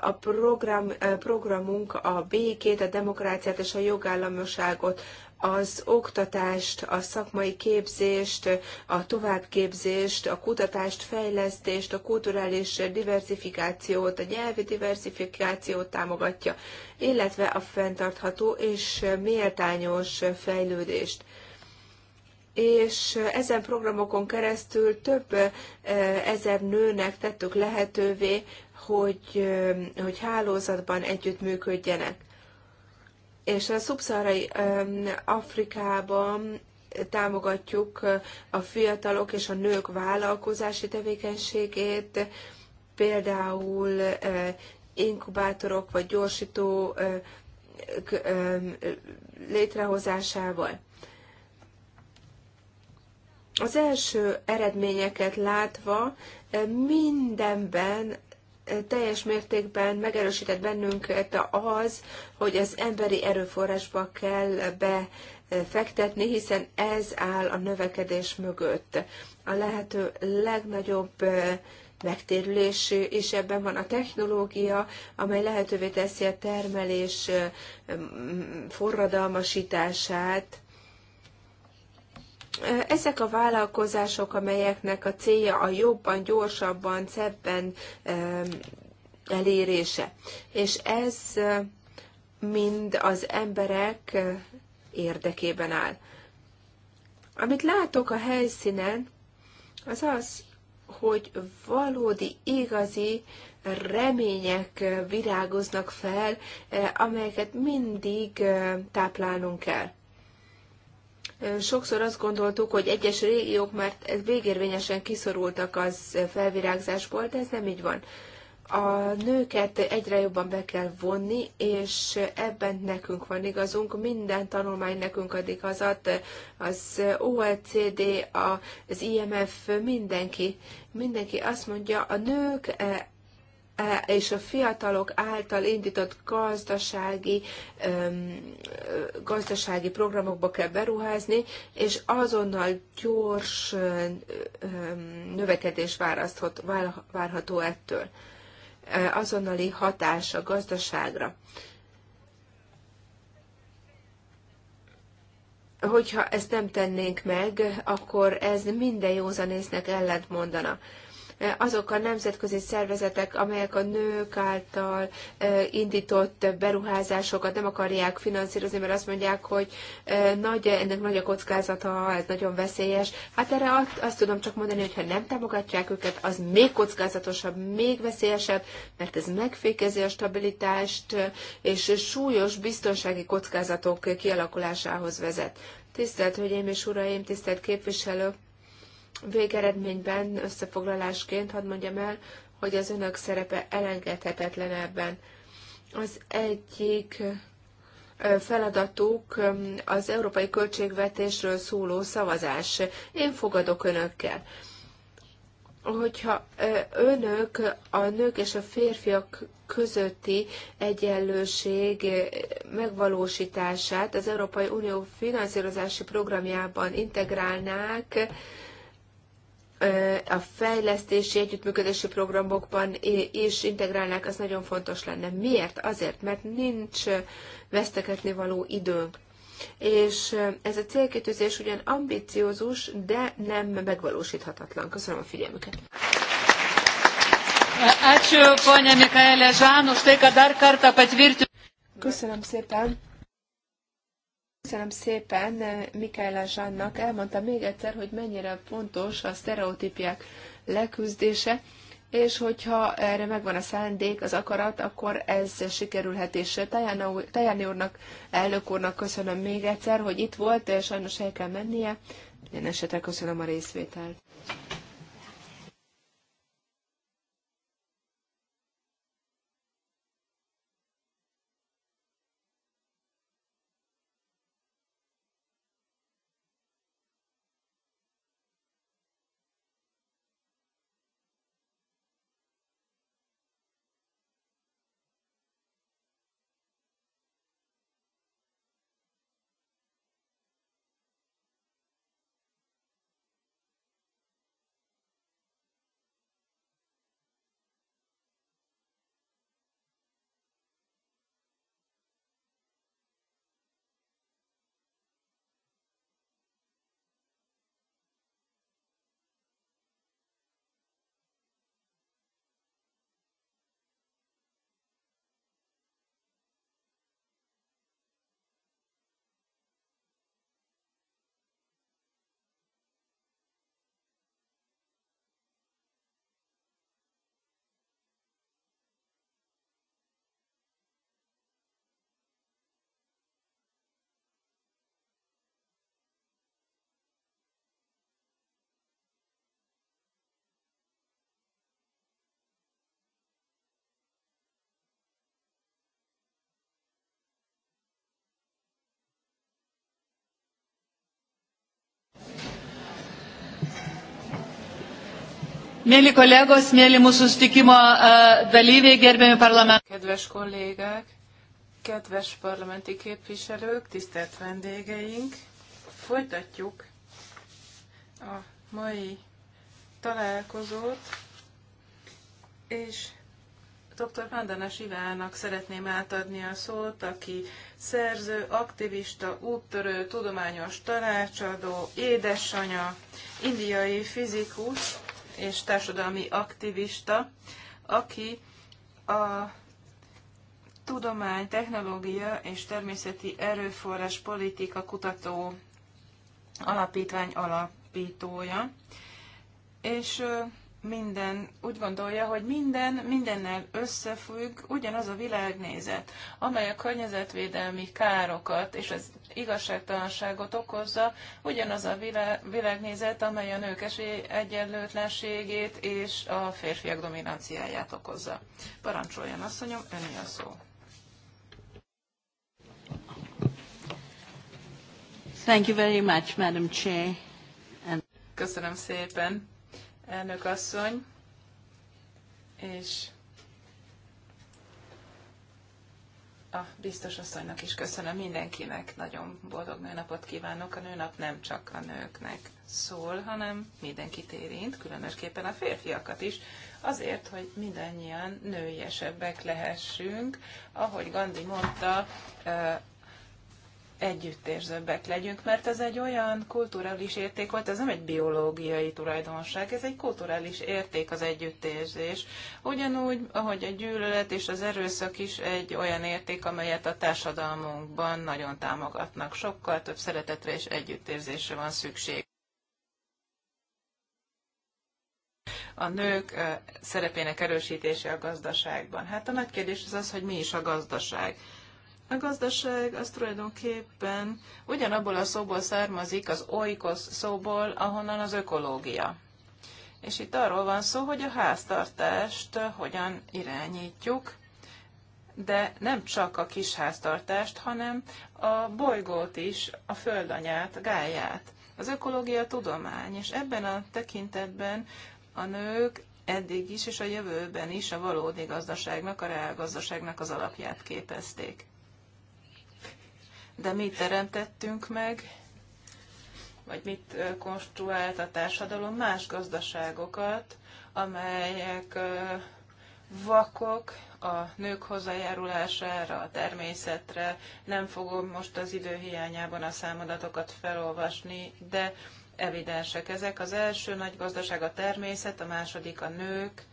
Speaker 3: A program, programunk a békét, a demokráciát és a jogállamoságot, az oktatást, a szakmai képzést, a továbbképzést, a kutatást, fejlesztést, a kulturális diversifikációt, a nyelvi diversifikációt támogatja, illetve a fenntartható és méltányos fejlődést és ezen programokon keresztül több eh, ezer nőnek tettük lehetővé, hogy, eh, hogy hálózatban együttműködjenek. És a szubszarai eh, Afrikában támogatjuk a fiatalok és a nők vállalkozási tevékenységét, például inkubátorok vagy gyorsító létrehozásával. Az első eredményeket látva e, mindenben e, teljes mértékben megerősített bennünket az, hogy az emberi erőforrásba kell befektetni, e, hiszen ez áll a növekedés mögött. A lehető legnagyobb megtérülés, és ebben van a technológia, amely lehetővé teszi a termelés forradalmasítását, ezek a vállalkozások, amelyeknek a célja a jobban, gyorsabban, szebben elérése. És ez mind az emberek érdekében áll. Amit látok a helyszínen, az az, hogy valódi, igazi remények virágoznak fel, amelyeket mindig táplálnunk kell. Sokszor azt gondoltuk, hogy egyes régiók már végérvényesen kiszorultak az felvirágzásból, de ez nem így van. A nőket egyre jobban be kell vonni, és ebben nekünk van igazunk. Minden tanulmány nekünk ad igazat, az OECD, az IMF, mindenki, mindenki azt mondja, a nők E, és a fiatalok által indított gazdasági, gazdasági programokba kell beruházni, és azonnal gyors növekedés várható, várható ettől. E, azonnali hatás a gazdaságra. Hogyha ezt nem tennénk meg, akkor ez minden józanésznek ellent mondana azok a nemzetközi szervezetek, amelyek a nők által indított beruházásokat nem akarják finanszírozni, mert azt mondják, hogy nagy, ennek nagy a kockázata, ez nagyon veszélyes. Hát erre azt tudom csak mondani, hogy ha nem támogatják őket, az még kockázatosabb, még veszélyesebb, mert ez megfékezi a stabilitást, és súlyos biztonsági kockázatok kialakulásához vezet. Tisztelt Hölgyeim és Uraim, tisztelt képviselők! Végeredményben összefoglalásként hadd mondjam el, hogy az önök szerepe elengedhetetlen ebben. Az egyik feladatuk az európai költségvetésről szóló szavazás. Én fogadok önökkel. Hogyha önök a nők és a férfiak közötti egyenlőség megvalósítását az Európai Unió finanszírozási programjában integrálnák, a fejlesztési együttműködési programokban is integrálnák, az nagyon fontos lenne. Miért? Azért, mert nincs veszteketni való időnk. És ez a célkitűzés ugyan ambiciózus, de nem megvalósíthatatlan. Köszönöm a figyelmüket. Köszönöm szépen. Köszönöm szépen Mikaela Zsannak. Elmondta még egyszer, hogy mennyire fontos a sztereotípiák leküzdése, és hogyha erre megvan a szándék, az akarat, akkor ez sikerülhet. És Tajáni úrnak, elnök úrnak köszönöm még egyszer, hogy itt volt, sajnos el kell mennie. Minden esetre köszönöm a részvételt. Mėly kolegos,
Speaker 1: mėly mūsų sustikimo e, dalyviai, gerbiami parlamentai. Kedves kollégák, kedves parlamenti képviselők, tisztelt vendégeink, folytatjuk a mai találkozót, és dr. Vandanas Ivának szeretném átadni a szót, aki szerző, aktivista, úttörő, tudományos tanácsadó, édesanya, indiai fizikus, és társadalmi aktivista, aki a tudomány, technológia és természeti erőforrás politika kutató alapítvány alapítója, és minden úgy gondolja, hogy minden mindennel összefügg ugyanaz a világnézet, amely a környezetvédelmi károkat és az igazságtalanságot okozza, ugyanaz a világnézet, amely a nők egyenlőtlenségét és a férfiak dominanciáját okozza. Parancsoljon, asszonyom, öni a szó. Thank you very much, Madam Chair. And... Köszönöm szépen elnök asszony, és a biztos asszonynak is köszönöm mindenkinek, nagyon boldog nőnapot kívánok. A nőnap nem csak a nőknek szól, hanem mindenkit érint, különösképpen a férfiakat is, azért, hogy mindannyian nőiesebbek lehessünk. Ahogy Gandhi mondta, eh, együttérzőbbek legyünk, mert ez egy olyan kulturális érték volt, ez nem egy biológiai tulajdonság, ez egy kulturális érték az együttérzés. Ugyanúgy, ahogy a gyűlölet és az erőszak is egy olyan érték, amelyet a társadalmunkban nagyon támogatnak. Sokkal több szeretetre és együttérzésre van szükség. a nők szerepének erősítése a gazdaságban. Hát a nagy kérdés az az, hogy mi is a gazdaság. A gazdaság az tulajdonképpen ugyanabból a szóból származik, az oikos szóból, ahonnan az ökológia. És itt arról van szó, hogy a háztartást hogyan irányítjuk, de nem csak a kis háztartást, hanem a bolygót is, a földanyát, gáját. Az ökológia tudomány, és ebben a tekintetben a nők eddig is és a jövőben is a valódi gazdaságnak, a reálgazdaságnak az alapját képezték de mit teremtettünk meg, vagy mit konstruált a társadalom más gazdaságokat, amelyek vakok a nők hozzájárulására, a természetre. Nem fogom most az idő hiányában a számadatokat felolvasni, de evidensek ezek. Az első nagy gazdaság a természet, a második a nők,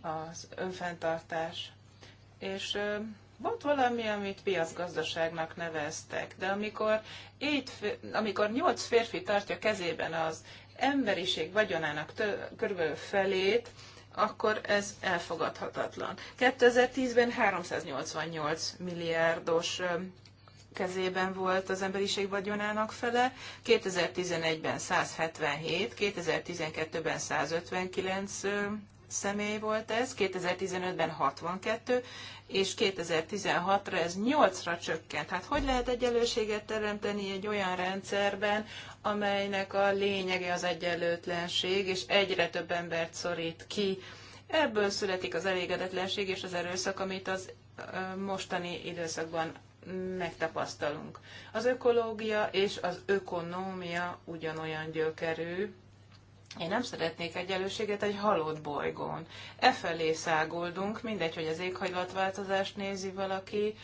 Speaker 1: az önfenntartás. És volt valami, amit piacgazdaságnak neveztek, de amikor, így, amikor nyolc férfi tartja kezében az emberiség vagyonának tő, körülbelül felét, akkor ez elfogadhatatlan. 2010-ben 388 milliárdos kezében volt az emberiség vagyonának fele, 2011-ben 177, 2012-ben 159 személy volt ez, 2015-ben 62, és 2016-ra ez 8-ra csökkent. Hát hogy lehet egyenlőséget teremteni egy olyan rendszerben, amelynek a lényege az egyenlőtlenség, és egyre több embert szorít ki. Ebből születik az elégedetlenség és az erőszak, amit az mostani időszakban megtapasztalunk. Az ökológia és az ökonómia ugyanolyan gyökerű, én nem szeretnék egyenlőséget egy halott bolygón. E felé száguldunk, mindegy, hogy az éghajlatváltozást nézi valaki,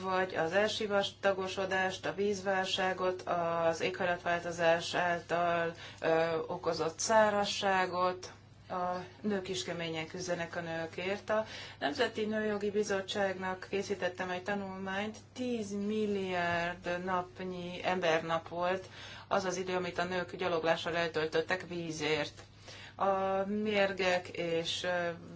Speaker 1: vagy az elsivastagosodást, a vízválságot, az éghajlatváltozás által ö, okozott szárasságot, a nők is keményen küzdenek a nőkért. A Nemzeti Nőjogi Bizottságnak készítettem egy tanulmányt, 10 milliárd napnyi embernap volt, az az idő, amit a nők gyaloglással eltöltöttek vízért a mérgek és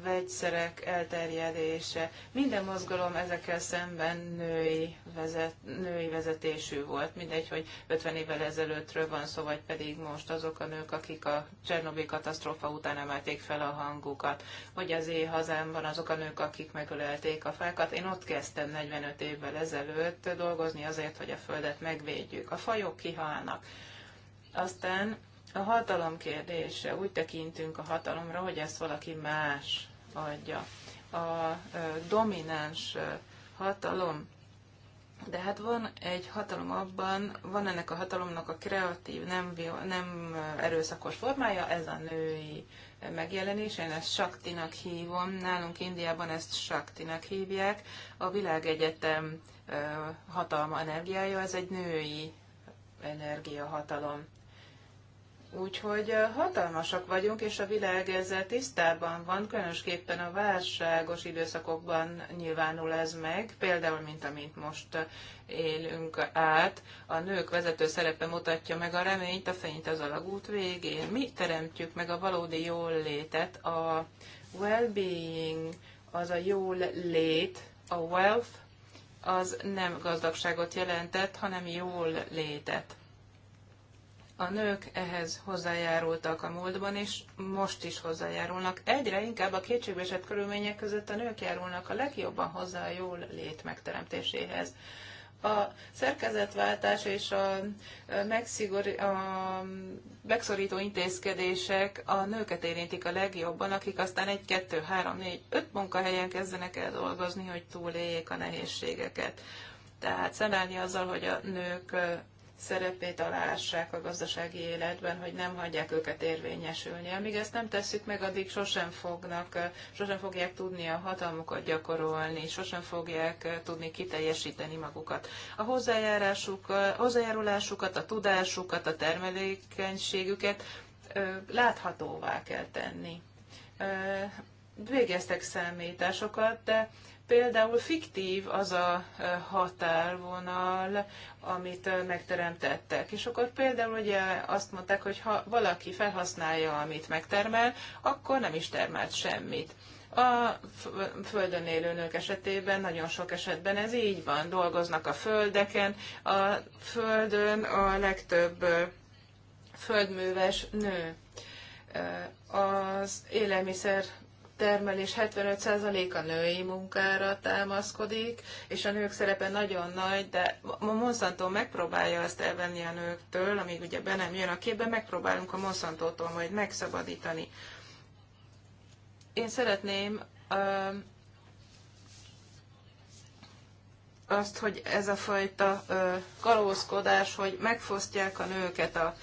Speaker 1: vegyszerek elterjedése. Minden mozgalom ezekkel szemben női, vezet, női vezetésű volt. Mindegy, hogy 50 évvel ezelőttről van szó, vagy pedig most azok a nők, akik a Csernobi katasztrófa után emelték fel a hangukat, vagy az én hazámban azok a nők, akik megölelték a fákat. Én ott kezdtem 45 évvel ezelőtt dolgozni azért, hogy a földet megvédjük. A fajok kihalnak. Aztán a hatalom kérdése, úgy tekintünk a hatalomra, hogy ezt valaki más adja. A domináns hatalom, de hát van egy hatalom abban, van ennek a hatalomnak a kreatív, nem, nem erőszakos formája, ez a női megjelenés, én ezt Saktinak hívom, nálunk Indiában ezt Saktinak hívják, a világegyetem hatalma energiája, ez egy női energiahatalom. Úgyhogy hatalmasak vagyunk, és a világ ezzel tisztában van, különösképpen a válságos időszakokban nyilvánul ez meg, például, mint amint most élünk át. A nők vezető szerepe mutatja meg a reményt, a fényt az alagút végén. Mi teremtjük meg a valódi jól létet, a well-being, az a jól lét, a wealth, az nem gazdagságot jelentett, hanem jól létet a nők ehhez hozzájárultak a múltban is, most is hozzájárulnak. Egyre inkább a kétségbeesett körülmények között a nők járulnak a legjobban hozzá a jól lét megteremtéséhez. A szerkezetváltás és a, megszigori, a megszorító intézkedések a nőket érintik a legjobban, akik aztán egy, kettő, három, négy, öt munkahelyen kezdenek el dolgozni, hogy túléljék a nehézségeket. Tehát szemelni azzal, hogy a nők szerepét alássák a gazdasági életben, hogy nem hagyják őket érvényesülni. Amíg ezt nem tesszük meg, addig sosem fognak, sosem fogják tudni a hatalmukat gyakorolni, sosem fogják tudni kiteljesíteni magukat. A hozzájárásuk, hozzájárulásukat, a tudásukat, a termelékenységüket láthatóvá kell tenni végeztek számításokat, de Például fiktív az a határvonal, amit megteremtettek. És akkor például ugye azt mondták, hogy ha valaki felhasználja, amit megtermel, akkor nem is termelt semmit. A földön élő nők esetében nagyon sok esetben ez így van. Dolgoznak a földeken, a földön a legtöbb földműves nő. Az élelmiszer termelés 75%-a női munkára támaszkodik, és a nők szerepe nagyon nagy, de a Monsanto megpróbálja ezt elvenni a nőktől, amíg ugye be nem jön a képbe, megpróbálunk a Monsantótól majd megszabadítani. Én szeretném azt, hogy ez a fajta kalózkodás, hogy megfosztják a nőket a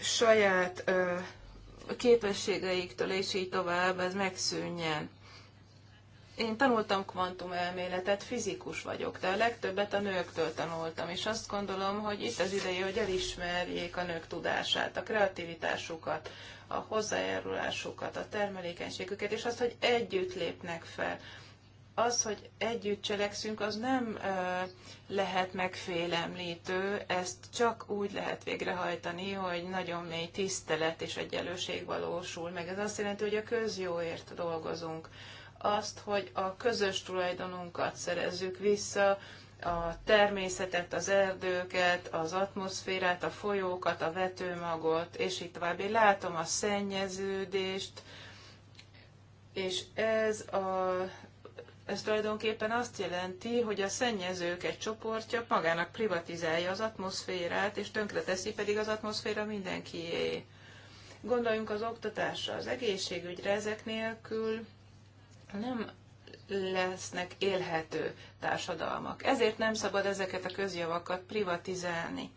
Speaker 1: saját képességeiktől, és így tovább, ez megszűnjen. Én tanultam kvantumelméletet, fizikus vagyok, de a legtöbbet a nőktől tanultam, és azt gondolom, hogy itt az ideje, hogy elismerjék a nők tudását, a kreativitásukat, a hozzájárulásukat, a termelékenységüket, és azt, hogy együtt lépnek fel az, hogy együtt cselekszünk, az nem lehet megfélemlítő, ezt csak úgy lehet végrehajtani, hogy nagyon mély tisztelet és egyenlőség valósul meg. Ez azt jelenti, hogy a közjóért dolgozunk. Azt, hogy a közös tulajdonunkat szerezzük vissza, a természetet, az erdőket, az atmoszférát, a folyókat, a vetőmagot, és így tovább. Én látom a szennyeződést, és ez a ez tulajdonképpen azt jelenti, hogy a szennyezők egy csoportja magának privatizálja az atmoszférát, és tönkreteszi pedig az atmoszféra mindenkié. Gondoljunk az oktatásra, az egészségügyre, ezek nélkül nem lesznek élhető társadalmak. Ezért nem szabad ezeket a közjavakat privatizálni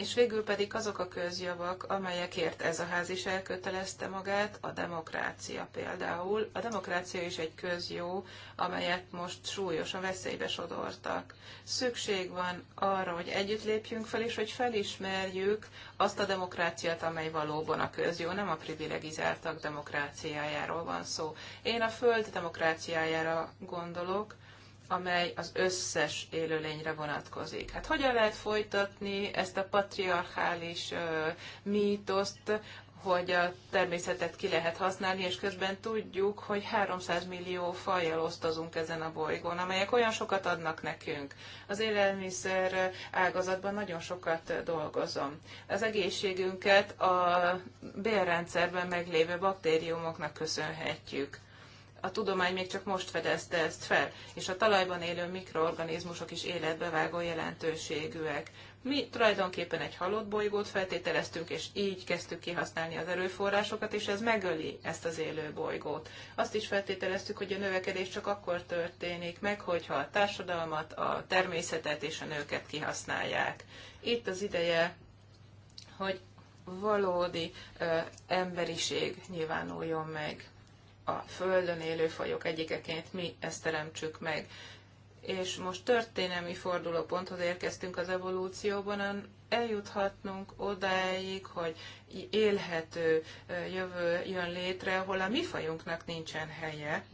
Speaker 1: és végül pedig azok a közjavak, amelyekért ez a ház is elkötelezte magát, a demokrácia például. A demokrácia is egy közjó, amelyet most súlyosan veszélybe sodortak. Szükség van arra, hogy együtt lépjünk fel, és hogy felismerjük azt a demokráciát, amely valóban a közjó, nem a privilegizáltak demokráciájáról van szó. Én a föld demokráciájára gondolok, amely az összes élőlényre vonatkozik. Hát hogyan lehet folytatni ezt a patriarchális mítoszt, hogy a természetet ki lehet használni, és közben tudjuk, hogy 300 millió fajjal osztozunk ezen a bolygón, amelyek olyan sokat adnak nekünk. Az élelmiszer ágazatban nagyon sokat dolgozom. Az egészségünket a bélrendszerben meglévő baktériumoknak köszönhetjük a tudomány még csak most fedezte ezt fel, és a talajban élő mikroorganizmusok is életbevágó jelentőségűek. Mi tulajdonképpen egy halott bolygót feltételeztünk, és így kezdtük kihasználni az erőforrásokat, és ez megöli ezt az élő bolygót. Azt is feltételeztük, hogy a növekedés csak akkor történik meg, hogyha a társadalmat, a természetet és a nőket kihasználják. Itt az ideje, hogy valódi ö, emberiség nyilvánuljon meg a Földön élő fajok egyikeként mi ezt teremtsük meg. És most történelmi fordulóponthoz érkeztünk az evolúcióban, eljuthatnunk odáig, hogy élhető jövő jön létre, ahol a mi fajunknak nincsen helye.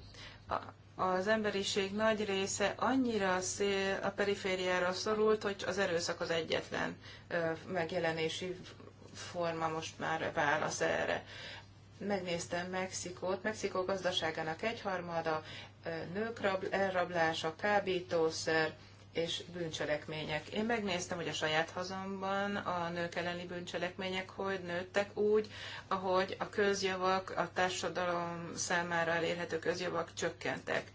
Speaker 1: Az emberiség nagy része annyira szél a perifériára szorult, hogy az erőszak az egyetlen megjelenési forma most már válasz erre megnéztem Mexikót, Mexikó gazdaságának egyharmada nők elrablása, kábítószer és bűncselekmények. Én megnéztem, hogy a saját hazamban a nők elleni bűncselekmények hogy nőttek úgy, ahogy a közjavak, a társadalom számára elérhető közjavak csökkentek.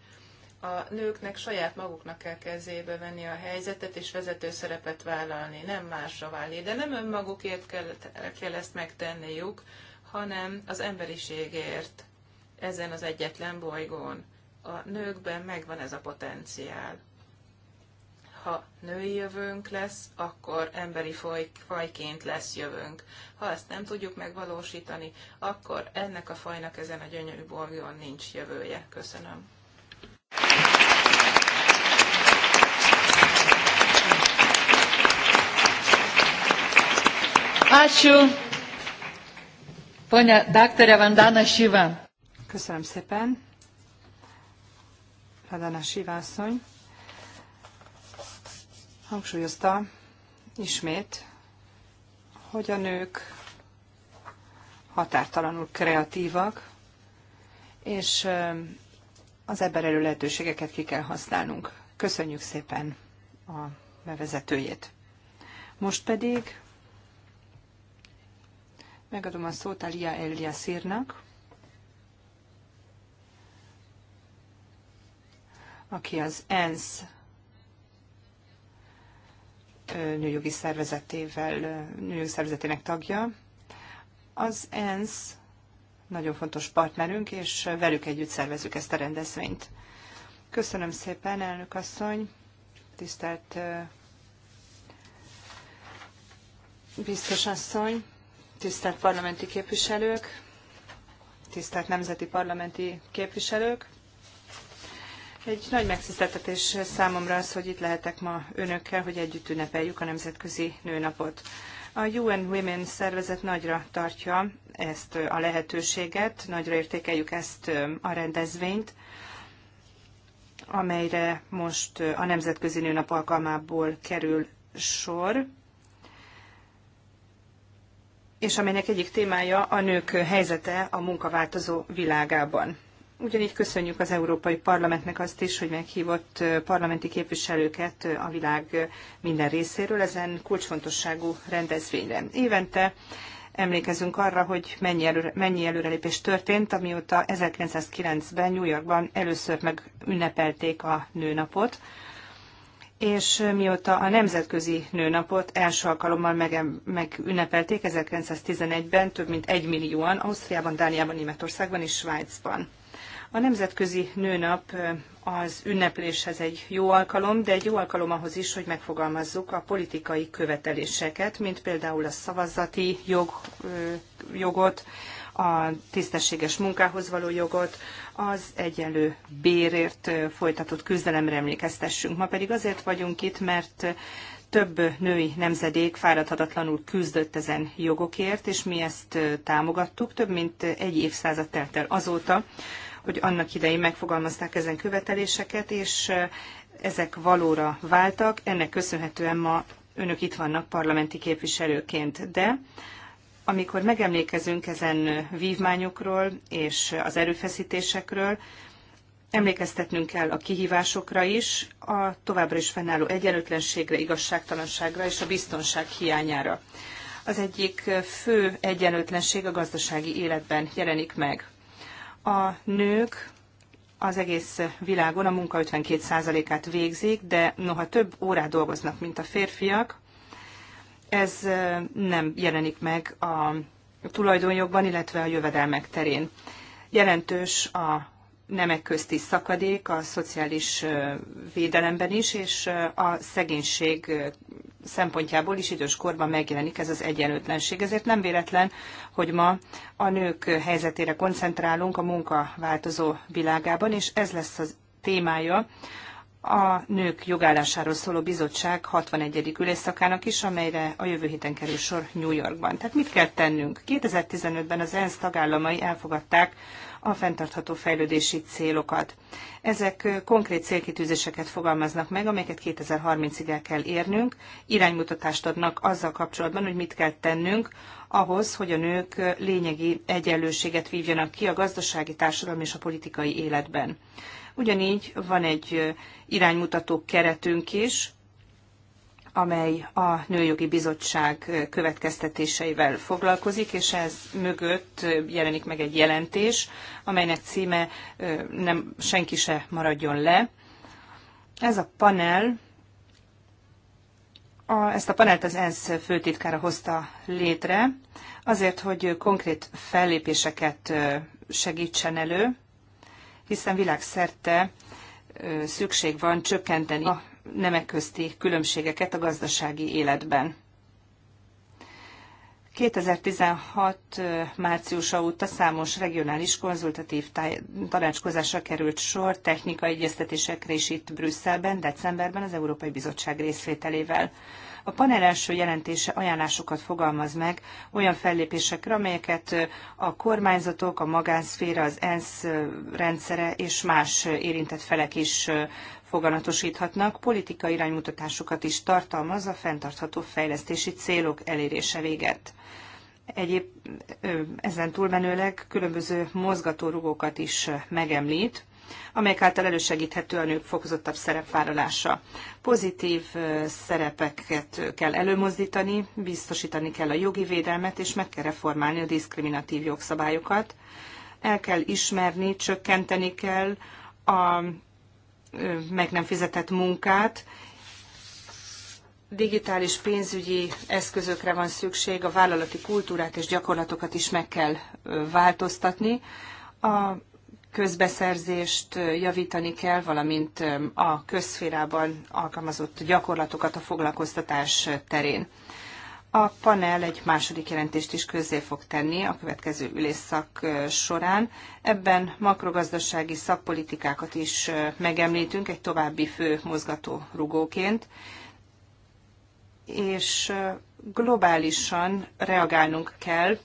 Speaker 1: A nőknek saját maguknak kell kezébe venni a helyzetet és vezető szerepet vállalni, nem másra válni, de nem önmagukért kell, kell ezt megtenniük, hanem az emberiségért ezen az egyetlen bolygón. A nőkben megvan ez a potenciál. Ha női jövőnk lesz, akkor emberi fajként lesz jövőnk. Ha ezt nem tudjuk megvalósítani, akkor ennek a fajnak ezen a gyönyörű bolygón nincs jövője. Köszönöm.
Speaker 2: Ačiū. Pone doktore Vandana Köszönöm szépen. Vandana Siva asszony hangsúlyozta ismét, hogy a nők határtalanul kreatívak, és az ebben elő lehetőségeket ki kell használnunk. Köszönjük szépen a bevezetőjét. Most pedig Megadom a szót Alia Eliasirnak, aki az ENSZ nőjogi szervezetével, nőjogi szervezetének tagja. Az ENSZ nagyon fontos partnerünk, és velük együtt szervezzük ezt a rendezvényt. Köszönöm szépen, elnök asszony, tisztelt biztos asszony, tisztelt parlamenti képviselők, tisztelt nemzeti parlamenti képviselők! Egy nagy megtiszteltetés számomra az, hogy itt lehetek ma önökkel, hogy együtt ünnepeljük a Nemzetközi Nőnapot. A UN Women szervezet nagyra tartja ezt a lehetőséget, nagyra értékeljük ezt a rendezvényt, amelyre most a Nemzetközi Nőnap alkalmából kerül sor és amelynek egyik témája a nők helyzete a munkaváltozó világában. Ugyanígy köszönjük az Európai Parlamentnek azt is, hogy meghívott parlamenti képviselőket a világ minden részéről ezen kulcsfontosságú rendezvényre. Évente emlékezünk arra, hogy mennyi, előre, mennyi előrelépés történt, amióta 1909-ben New Yorkban először megünnepelték a nőnapot és mióta a Nemzetközi Nőnapot első alkalommal megünnepelték 1911-ben több mint egy millióan Ausztriában, Dániában, Németországban és Svájcban. A Nemzetközi Nőnap az ünnepléshez egy jó alkalom, de egy jó alkalom ahhoz is, hogy megfogalmazzuk a politikai követeléseket, mint például a szavazati jog, jogot, a tisztességes munkához való jogot, az egyenlő bérért folytatott küzdelemre emlékeztessünk. Ma pedig azért vagyunk itt, mert több női nemzedék fáradhatatlanul küzdött ezen jogokért, és mi ezt támogattuk több mint egy évszázad telt el azóta, hogy annak idején megfogalmazták ezen követeléseket, és ezek valóra váltak. Ennek köszönhetően ma önök itt vannak parlamenti képviselőként, de amikor megemlékezünk ezen vívmányokról és az erőfeszítésekről, emlékeztetnünk kell a kihívásokra is, a továbbra is fennálló egyenlőtlenségre, igazságtalanságra és a biztonság hiányára. Az egyik fő egyenlőtlenség a gazdasági életben jelenik meg. A nők az egész világon a munka 52%-át végzik, de noha több órát dolgoznak, mint a férfiak, ez nem jelenik meg a tulajdonjogban, illetve a jövedelmek terén. Jelentős a nemek közti szakadék a szociális védelemben is, és a szegénység szempontjából is időskorban megjelenik ez az egyenlőtlenség. Ezért nem véletlen, hogy ma a nők helyzetére koncentrálunk a munkaváltozó világában, és ez lesz a témája a nők jogállásáról szóló bizottság 61. ülésszakának is, amelyre a jövő héten kerül sor New Yorkban. Tehát mit kell tennünk? 2015-ben az ENSZ tagállamai elfogadták a fenntartható fejlődési célokat. Ezek konkrét célkitűzéseket fogalmaznak meg, amelyeket 2030-ig el kell érnünk, iránymutatást adnak azzal kapcsolatban, hogy mit kell tennünk ahhoz, hogy a nők lényegi egyenlőséget vívjanak ki a gazdasági, társadalmi és a politikai életben. Ugyanígy van egy iránymutató keretünk is, amely a Nőjogi Bizottság következtetéseivel foglalkozik, és ez mögött jelenik meg egy jelentés, amelynek címe nem, senki se maradjon le. Ez a panel, a, ezt a panelt az ENSZ főtitkára hozta létre, azért, hogy konkrét fellépéseket segítsen elő, hiszen világszerte szükség van csökkenteni a nemek közti különbségeket a gazdasági életben. 2016 márciusa óta számos regionális konzultatív tanácskozásra került sor, technikai egyeztetésekre is itt Brüsszelben, decemberben az Európai Bizottság részvételével. A panel első jelentése ajánlásokat fogalmaz meg olyan fellépésekre, amelyeket a kormányzatok, a magánszféra, az ENSZ rendszere és más érintett felek is foganatosíthatnak, politikai iránymutatásokat is tartalmaz a fenntartható fejlesztési célok elérése véget. Egyéb ezen túlmenőleg különböző mozgatórugókat is megemlít, amelyek által elősegíthető a nők fokozottabb szerepvállalása. Pozitív szerepeket kell előmozdítani, biztosítani kell a jogi védelmet, és meg kell reformálni a diszkriminatív jogszabályokat. El kell ismerni, csökkenteni kell a meg nem fizetett munkát, digitális pénzügyi eszközökre van szükség, a vállalati kultúrát és gyakorlatokat is meg kell változtatni. A közbeszerzést javítani kell, valamint a közszférában alkalmazott gyakorlatokat a foglalkoztatás terén. A panel egy második jelentést is közzé fog tenni a következő ülésszak során. Ebben makrogazdasági szakpolitikákat is megemlítünk egy további fő mozgató rugóként, és globálisan reagálnunk kell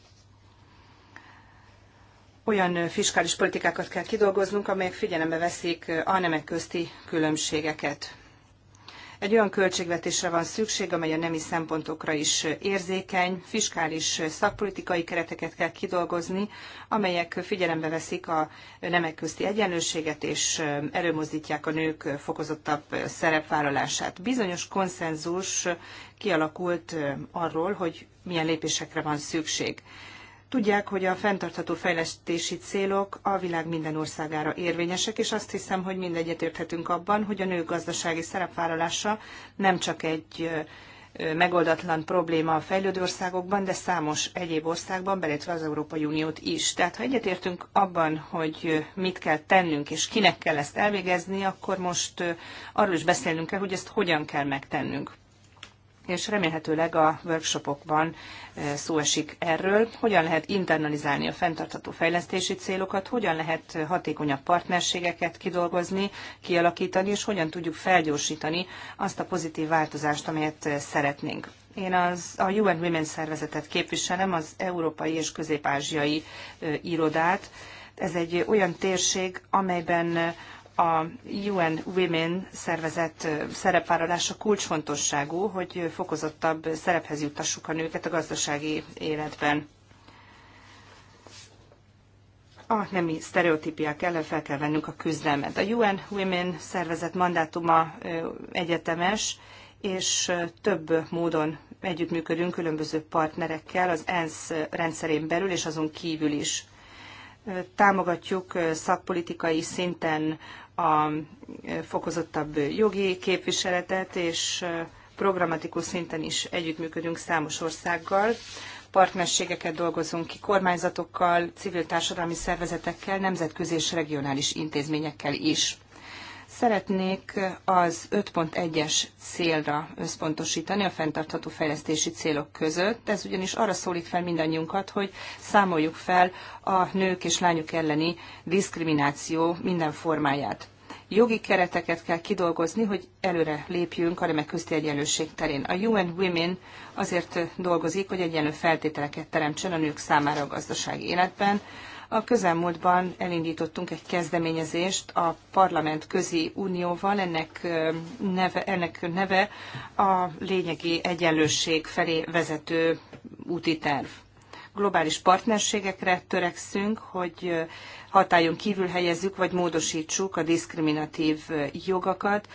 Speaker 2: olyan fiskális politikákat kell kidolgoznunk, amelyek figyelembe veszik a nemek közti különbségeket. Egy olyan költségvetésre van szükség, amely a nemi szempontokra is érzékeny, fiskális szakpolitikai kereteket kell kidolgozni, amelyek figyelembe veszik a nemek közti egyenlőséget és előmozdítják a nők fokozottabb szerepvállalását. Bizonyos konszenzus kialakult arról, hogy milyen lépésekre van szükség. Tudják, hogy a fenntartható fejlesztési célok a világ minden országára érvényesek, és azt hiszem, hogy mindegyet érthetünk abban, hogy a nők gazdasági szerepvállalása nem csak egy megoldatlan probléma a fejlődő országokban, de számos egyéb országban, belétve az Európai Uniót is. Tehát ha egyetértünk abban, hogy mit kell tennünk és kinek kell ezt elvégezni, akkor most arról is beszélnünk kell, hogy ezt hogyan kell megtennünk és remélhetőleg a workshopokban eh, szó esik erről, hogyan lehet internalizálni a fenntartható fejlesztési célokat, hogyan lehet hatékonyabb partnerségeket kidolgozni, kialakítani, és hogyan tudjuk felgyorsítani azt a pozitív változást, amelyet eh, szeretnénk. Én az, a UN Women szervezetet képviselem, az európai és közép-ázsiai eh, irodát. Ez egy olyan térség, amelyben a UN Women szervezet szerepvállalása kulcsfontosságú, hogy fokozottabb szerephez juttassuk a nőket a gazdasági életben. A nemi sztereotípiák ellen fel kell vennünk a küzdelmet. A UN Women szervezet mandátuma egyetemes, és több módon együttműködünk különböző partnerekkel az ENSZ rendszerén belül és azon kívül is. Támogatjuk szakpolitikai szinten a fokozottabb jogi képviseletet, és programatikus szinten is együttműködünk számos országgal. Partnerségeket dolgozunk ki kormányzatokkal, civil társadalmi szervezetekkel, nemzetközi és regionális intézményekkel is. Szeretnék az 5.1-es célra összpontosítani a fenntartható fejlesztési célok között. Ez ugyanis arra szólít fel mindannyiunkat, hogy számoljuk fel a nők és lányok elleni diszkrimináció minden formáját jogi kereteket kell kidolgozni, hogy előre lépjünk a remek közti egyenlőség terén. A UN Women azért dolgozik, hogy egyenlő feltételeket teremtsen a nők számára a gazdasági életben, a közelmúltban elindítottunk egy kezdeményezést a Parlament Közi Unióval, ennek neve, ennek neve a lényegi egyenlőség felé vezető úti terv. Globális partnerségekre törekszünk, hogy hatályon kívül helyezzük vagy módosítsuk a diszkriminatív jogakat,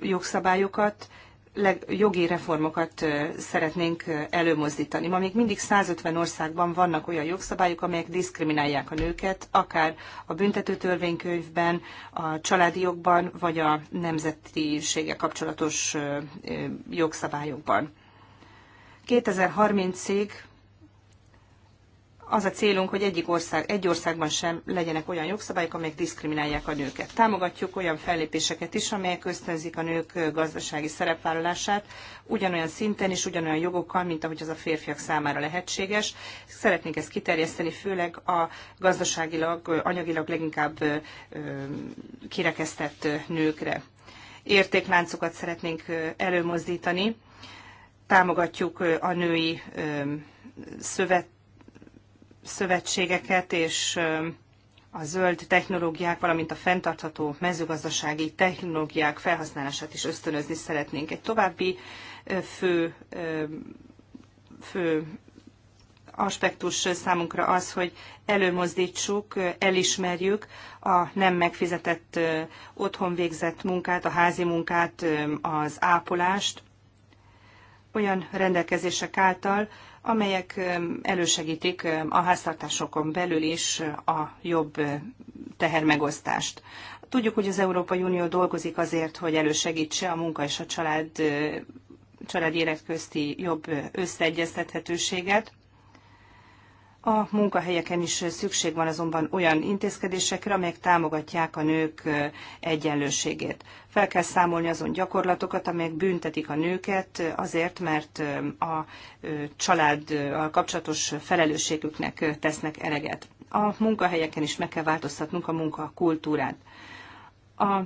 Speaker 2: jogszabályokat, leg, jogi reformokat szeretnénk előmozdítani. Ma még mindig 150 országban vannak olyan jogszabályok, amelyek diszkriminálják a nőket, akár a büntető törvénykönyvben, a családi jogban, vagy a nemzetisége kapcsolatos jogszabályokban. 2030-ig az a célunk, hogy egyik ország, egy országban sem legyenek olyan jogszabályok, amelyek diszkriminálják a nőket. Támogatjuk olyan fellépéseket is, amelyek ösztönzik a nők gazdasági szerepvállalását, ugyanolyan szinten és ugyanolyan jogokkal, mint ahogy az a férfiak számára lehetséges. Szeretnénk ezt kiterjeszteni, főleg a gazdaságilag, anyagilag leginkább kirekesztett nőkre. Értékláncokat szeretnénk előmozdítani. Támogatjuk a női szövet szövetségeket és a zöld technológiák, valamint a fenntartható mezőgazdasági technológiák felhasználását is ösztönözni szeretnénk. Egy további fő, fő aspektus számunkra az, hogy előmozdítsuk, elismerjük a nem megfizetett otthon végzett munkát, a házi munkát, az ápolást olyan rendelkezések által, amelyek um, elősegítik um, a háztartásokon belül is uh, a jobb uh, tehermegosztást. Tudjuk, hogy az Európai Unió dolgozik azért, hogy elősegítse a munka és a család, uh, család életközti jobb összeegyeztethetőséget, a munkahelyeken is szükség van azonban olyan intézkedésekre, amelyek támogatják a nők egyenlőségét. Fel kell számolni azon gyakorlatokat, amelyek büntetik a nőket azért, mert a családdal kapcsolatos felelősségüknek tesznek eleget. A munkahelyeken is meg kell változtatnunk a munkakultúrát. A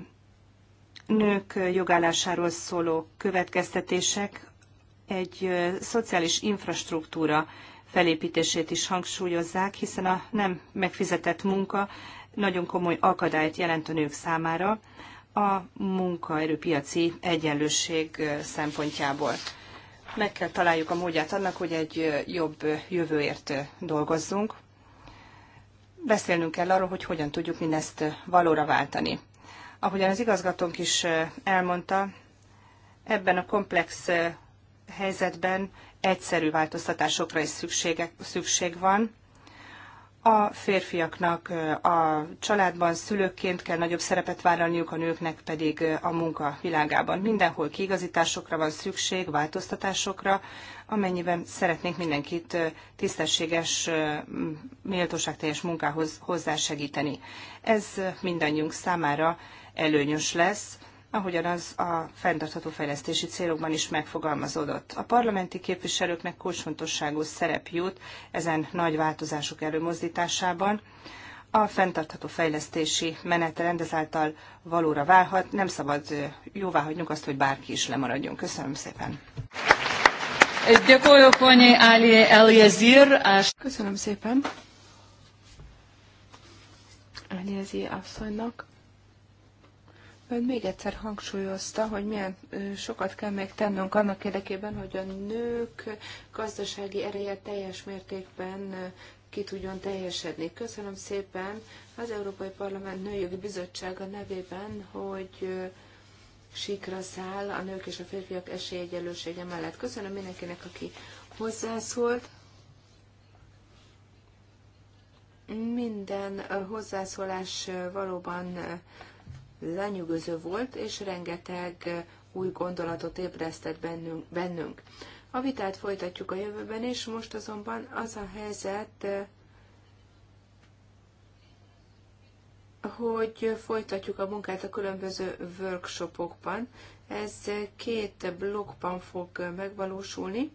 Speaker 2: nők jogállásáról szóló következtetések egy szociális infrastruktúra felépítését is hangsúlyozzák, hiszen a nem megfizetett munka nagyon komoly akadályt jelent a nők számára a munkaerőpiaci egyenlőség szempontjából. Meg kell találjuk a módját annak, hogy egy jobb jövőért dolgozzunk. Beszélnünk kell arról, hogy hogyan tudjuk mindezt valóra váltani. Ahogyan az igazgatónk is elmondta, ebben a komplex helyzetben egyszerű változtatásokra is szüksége, szükség van. A férfiaknak a családban szülőként kell nagyobb szerepet vállalniuk, a nőknek pedig a munka világában. Mindenhol kiigazításokra van szükség, változtatásokra, amennyiben szeretnénk mindenkit tisztességes, méltóságteljes munkához hozzásegíteni. Ez mindannyiunk számára előnyös lesz, ahogyan az a fenntartható fejlesztési célokban is megfogalmazódott. A parlamenti képviselőknek kulcsfontosságú szerep jut ezen nagy változások előmozdításában. A fenntartható fejlesztési menetrend ezáltal valóra válhat, nem szabad jóvá hagynunk azt, hogy bárki is lemaradjon. Köszönöm szépen! Köszönöm szépen!
Speaker 3: Eliezir asszonynak. Ön még egyszer hangsúlyozta, hogy milyen sokat kell még tennünk annak érdekében, hogy a nők gazdasági ereje teljes mértékben ki tudjon teljesedni. Köszönöm szépen az Európai Parlament Nőjogi Bizottsága nevében, hogy sikra száll a nők és a férfiak esélyegyelősége mellett. Köszönöm mindenkinek, aki hozzászólt. Minden hozzászólás valóban lenyűgöző volt, és rengeteg új gondolatot ébresztett bennünk. bennünk. A vitát folytatjuk a jövőben, és most azonban az a helyzet, hogy folytatjuk a munkát a különböző workshopokban. Ez két blokkban fog megvalósulni.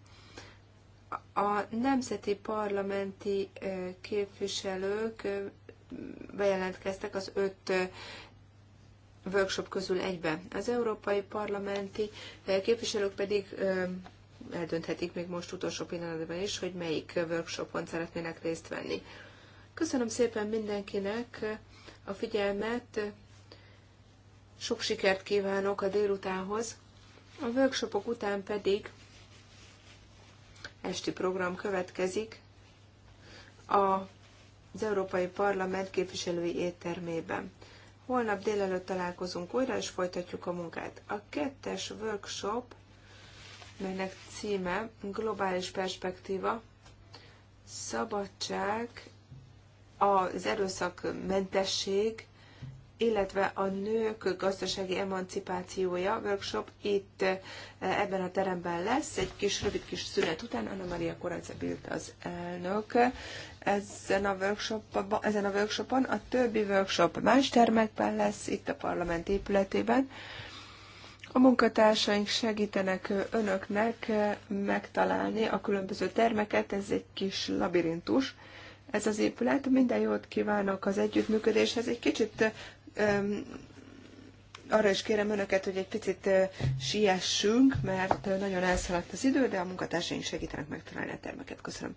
Speaker 3: A nemzeti parlamenti eh, képviselők eh, bejelentkeztek az öt eh, workshop közül egybe. Az európai parlamenti eh, képviselők pedig eh, eldönthetik még most utolsó pillanatban is, hogy melyik workshopon szeretnének részt venni. Köszönöm szépen mindenkinek eh, a figyelmet, sok sikert kívánok a délutánhoz, a workshopok után pedig esti program következik az Európai Parlament képviselői éttermében. Holnap délelőtt találkozunk újra, és folytatjuk a munkát. A kettes workshop, melynek címe Globális perspektíva, szabadság, az erőszakmentesség, illetve a nők gazdasági emancipációja workshop itt eh, ebben a teremben lesz, egy kis rövid kis szünet után Anna Maria Koracebilt az elnök ezen a, ezen a workshopon, a többi workshop más termekben lesz, itt a parlament épületében. A munkatársaink segítenek önöknek eh, megtalálni a különböző termeket, ez egy kis labirintus. Ez az épület, minden jót kívánok az együttműködéshez. Egy kicsit öm, eh, arra is kérem önöket, hogy egy picit eh, siessünk, mert nagyon elszaladt az idő, de a munkatársaink segítenek megtalálni a termeket. Köszönöm.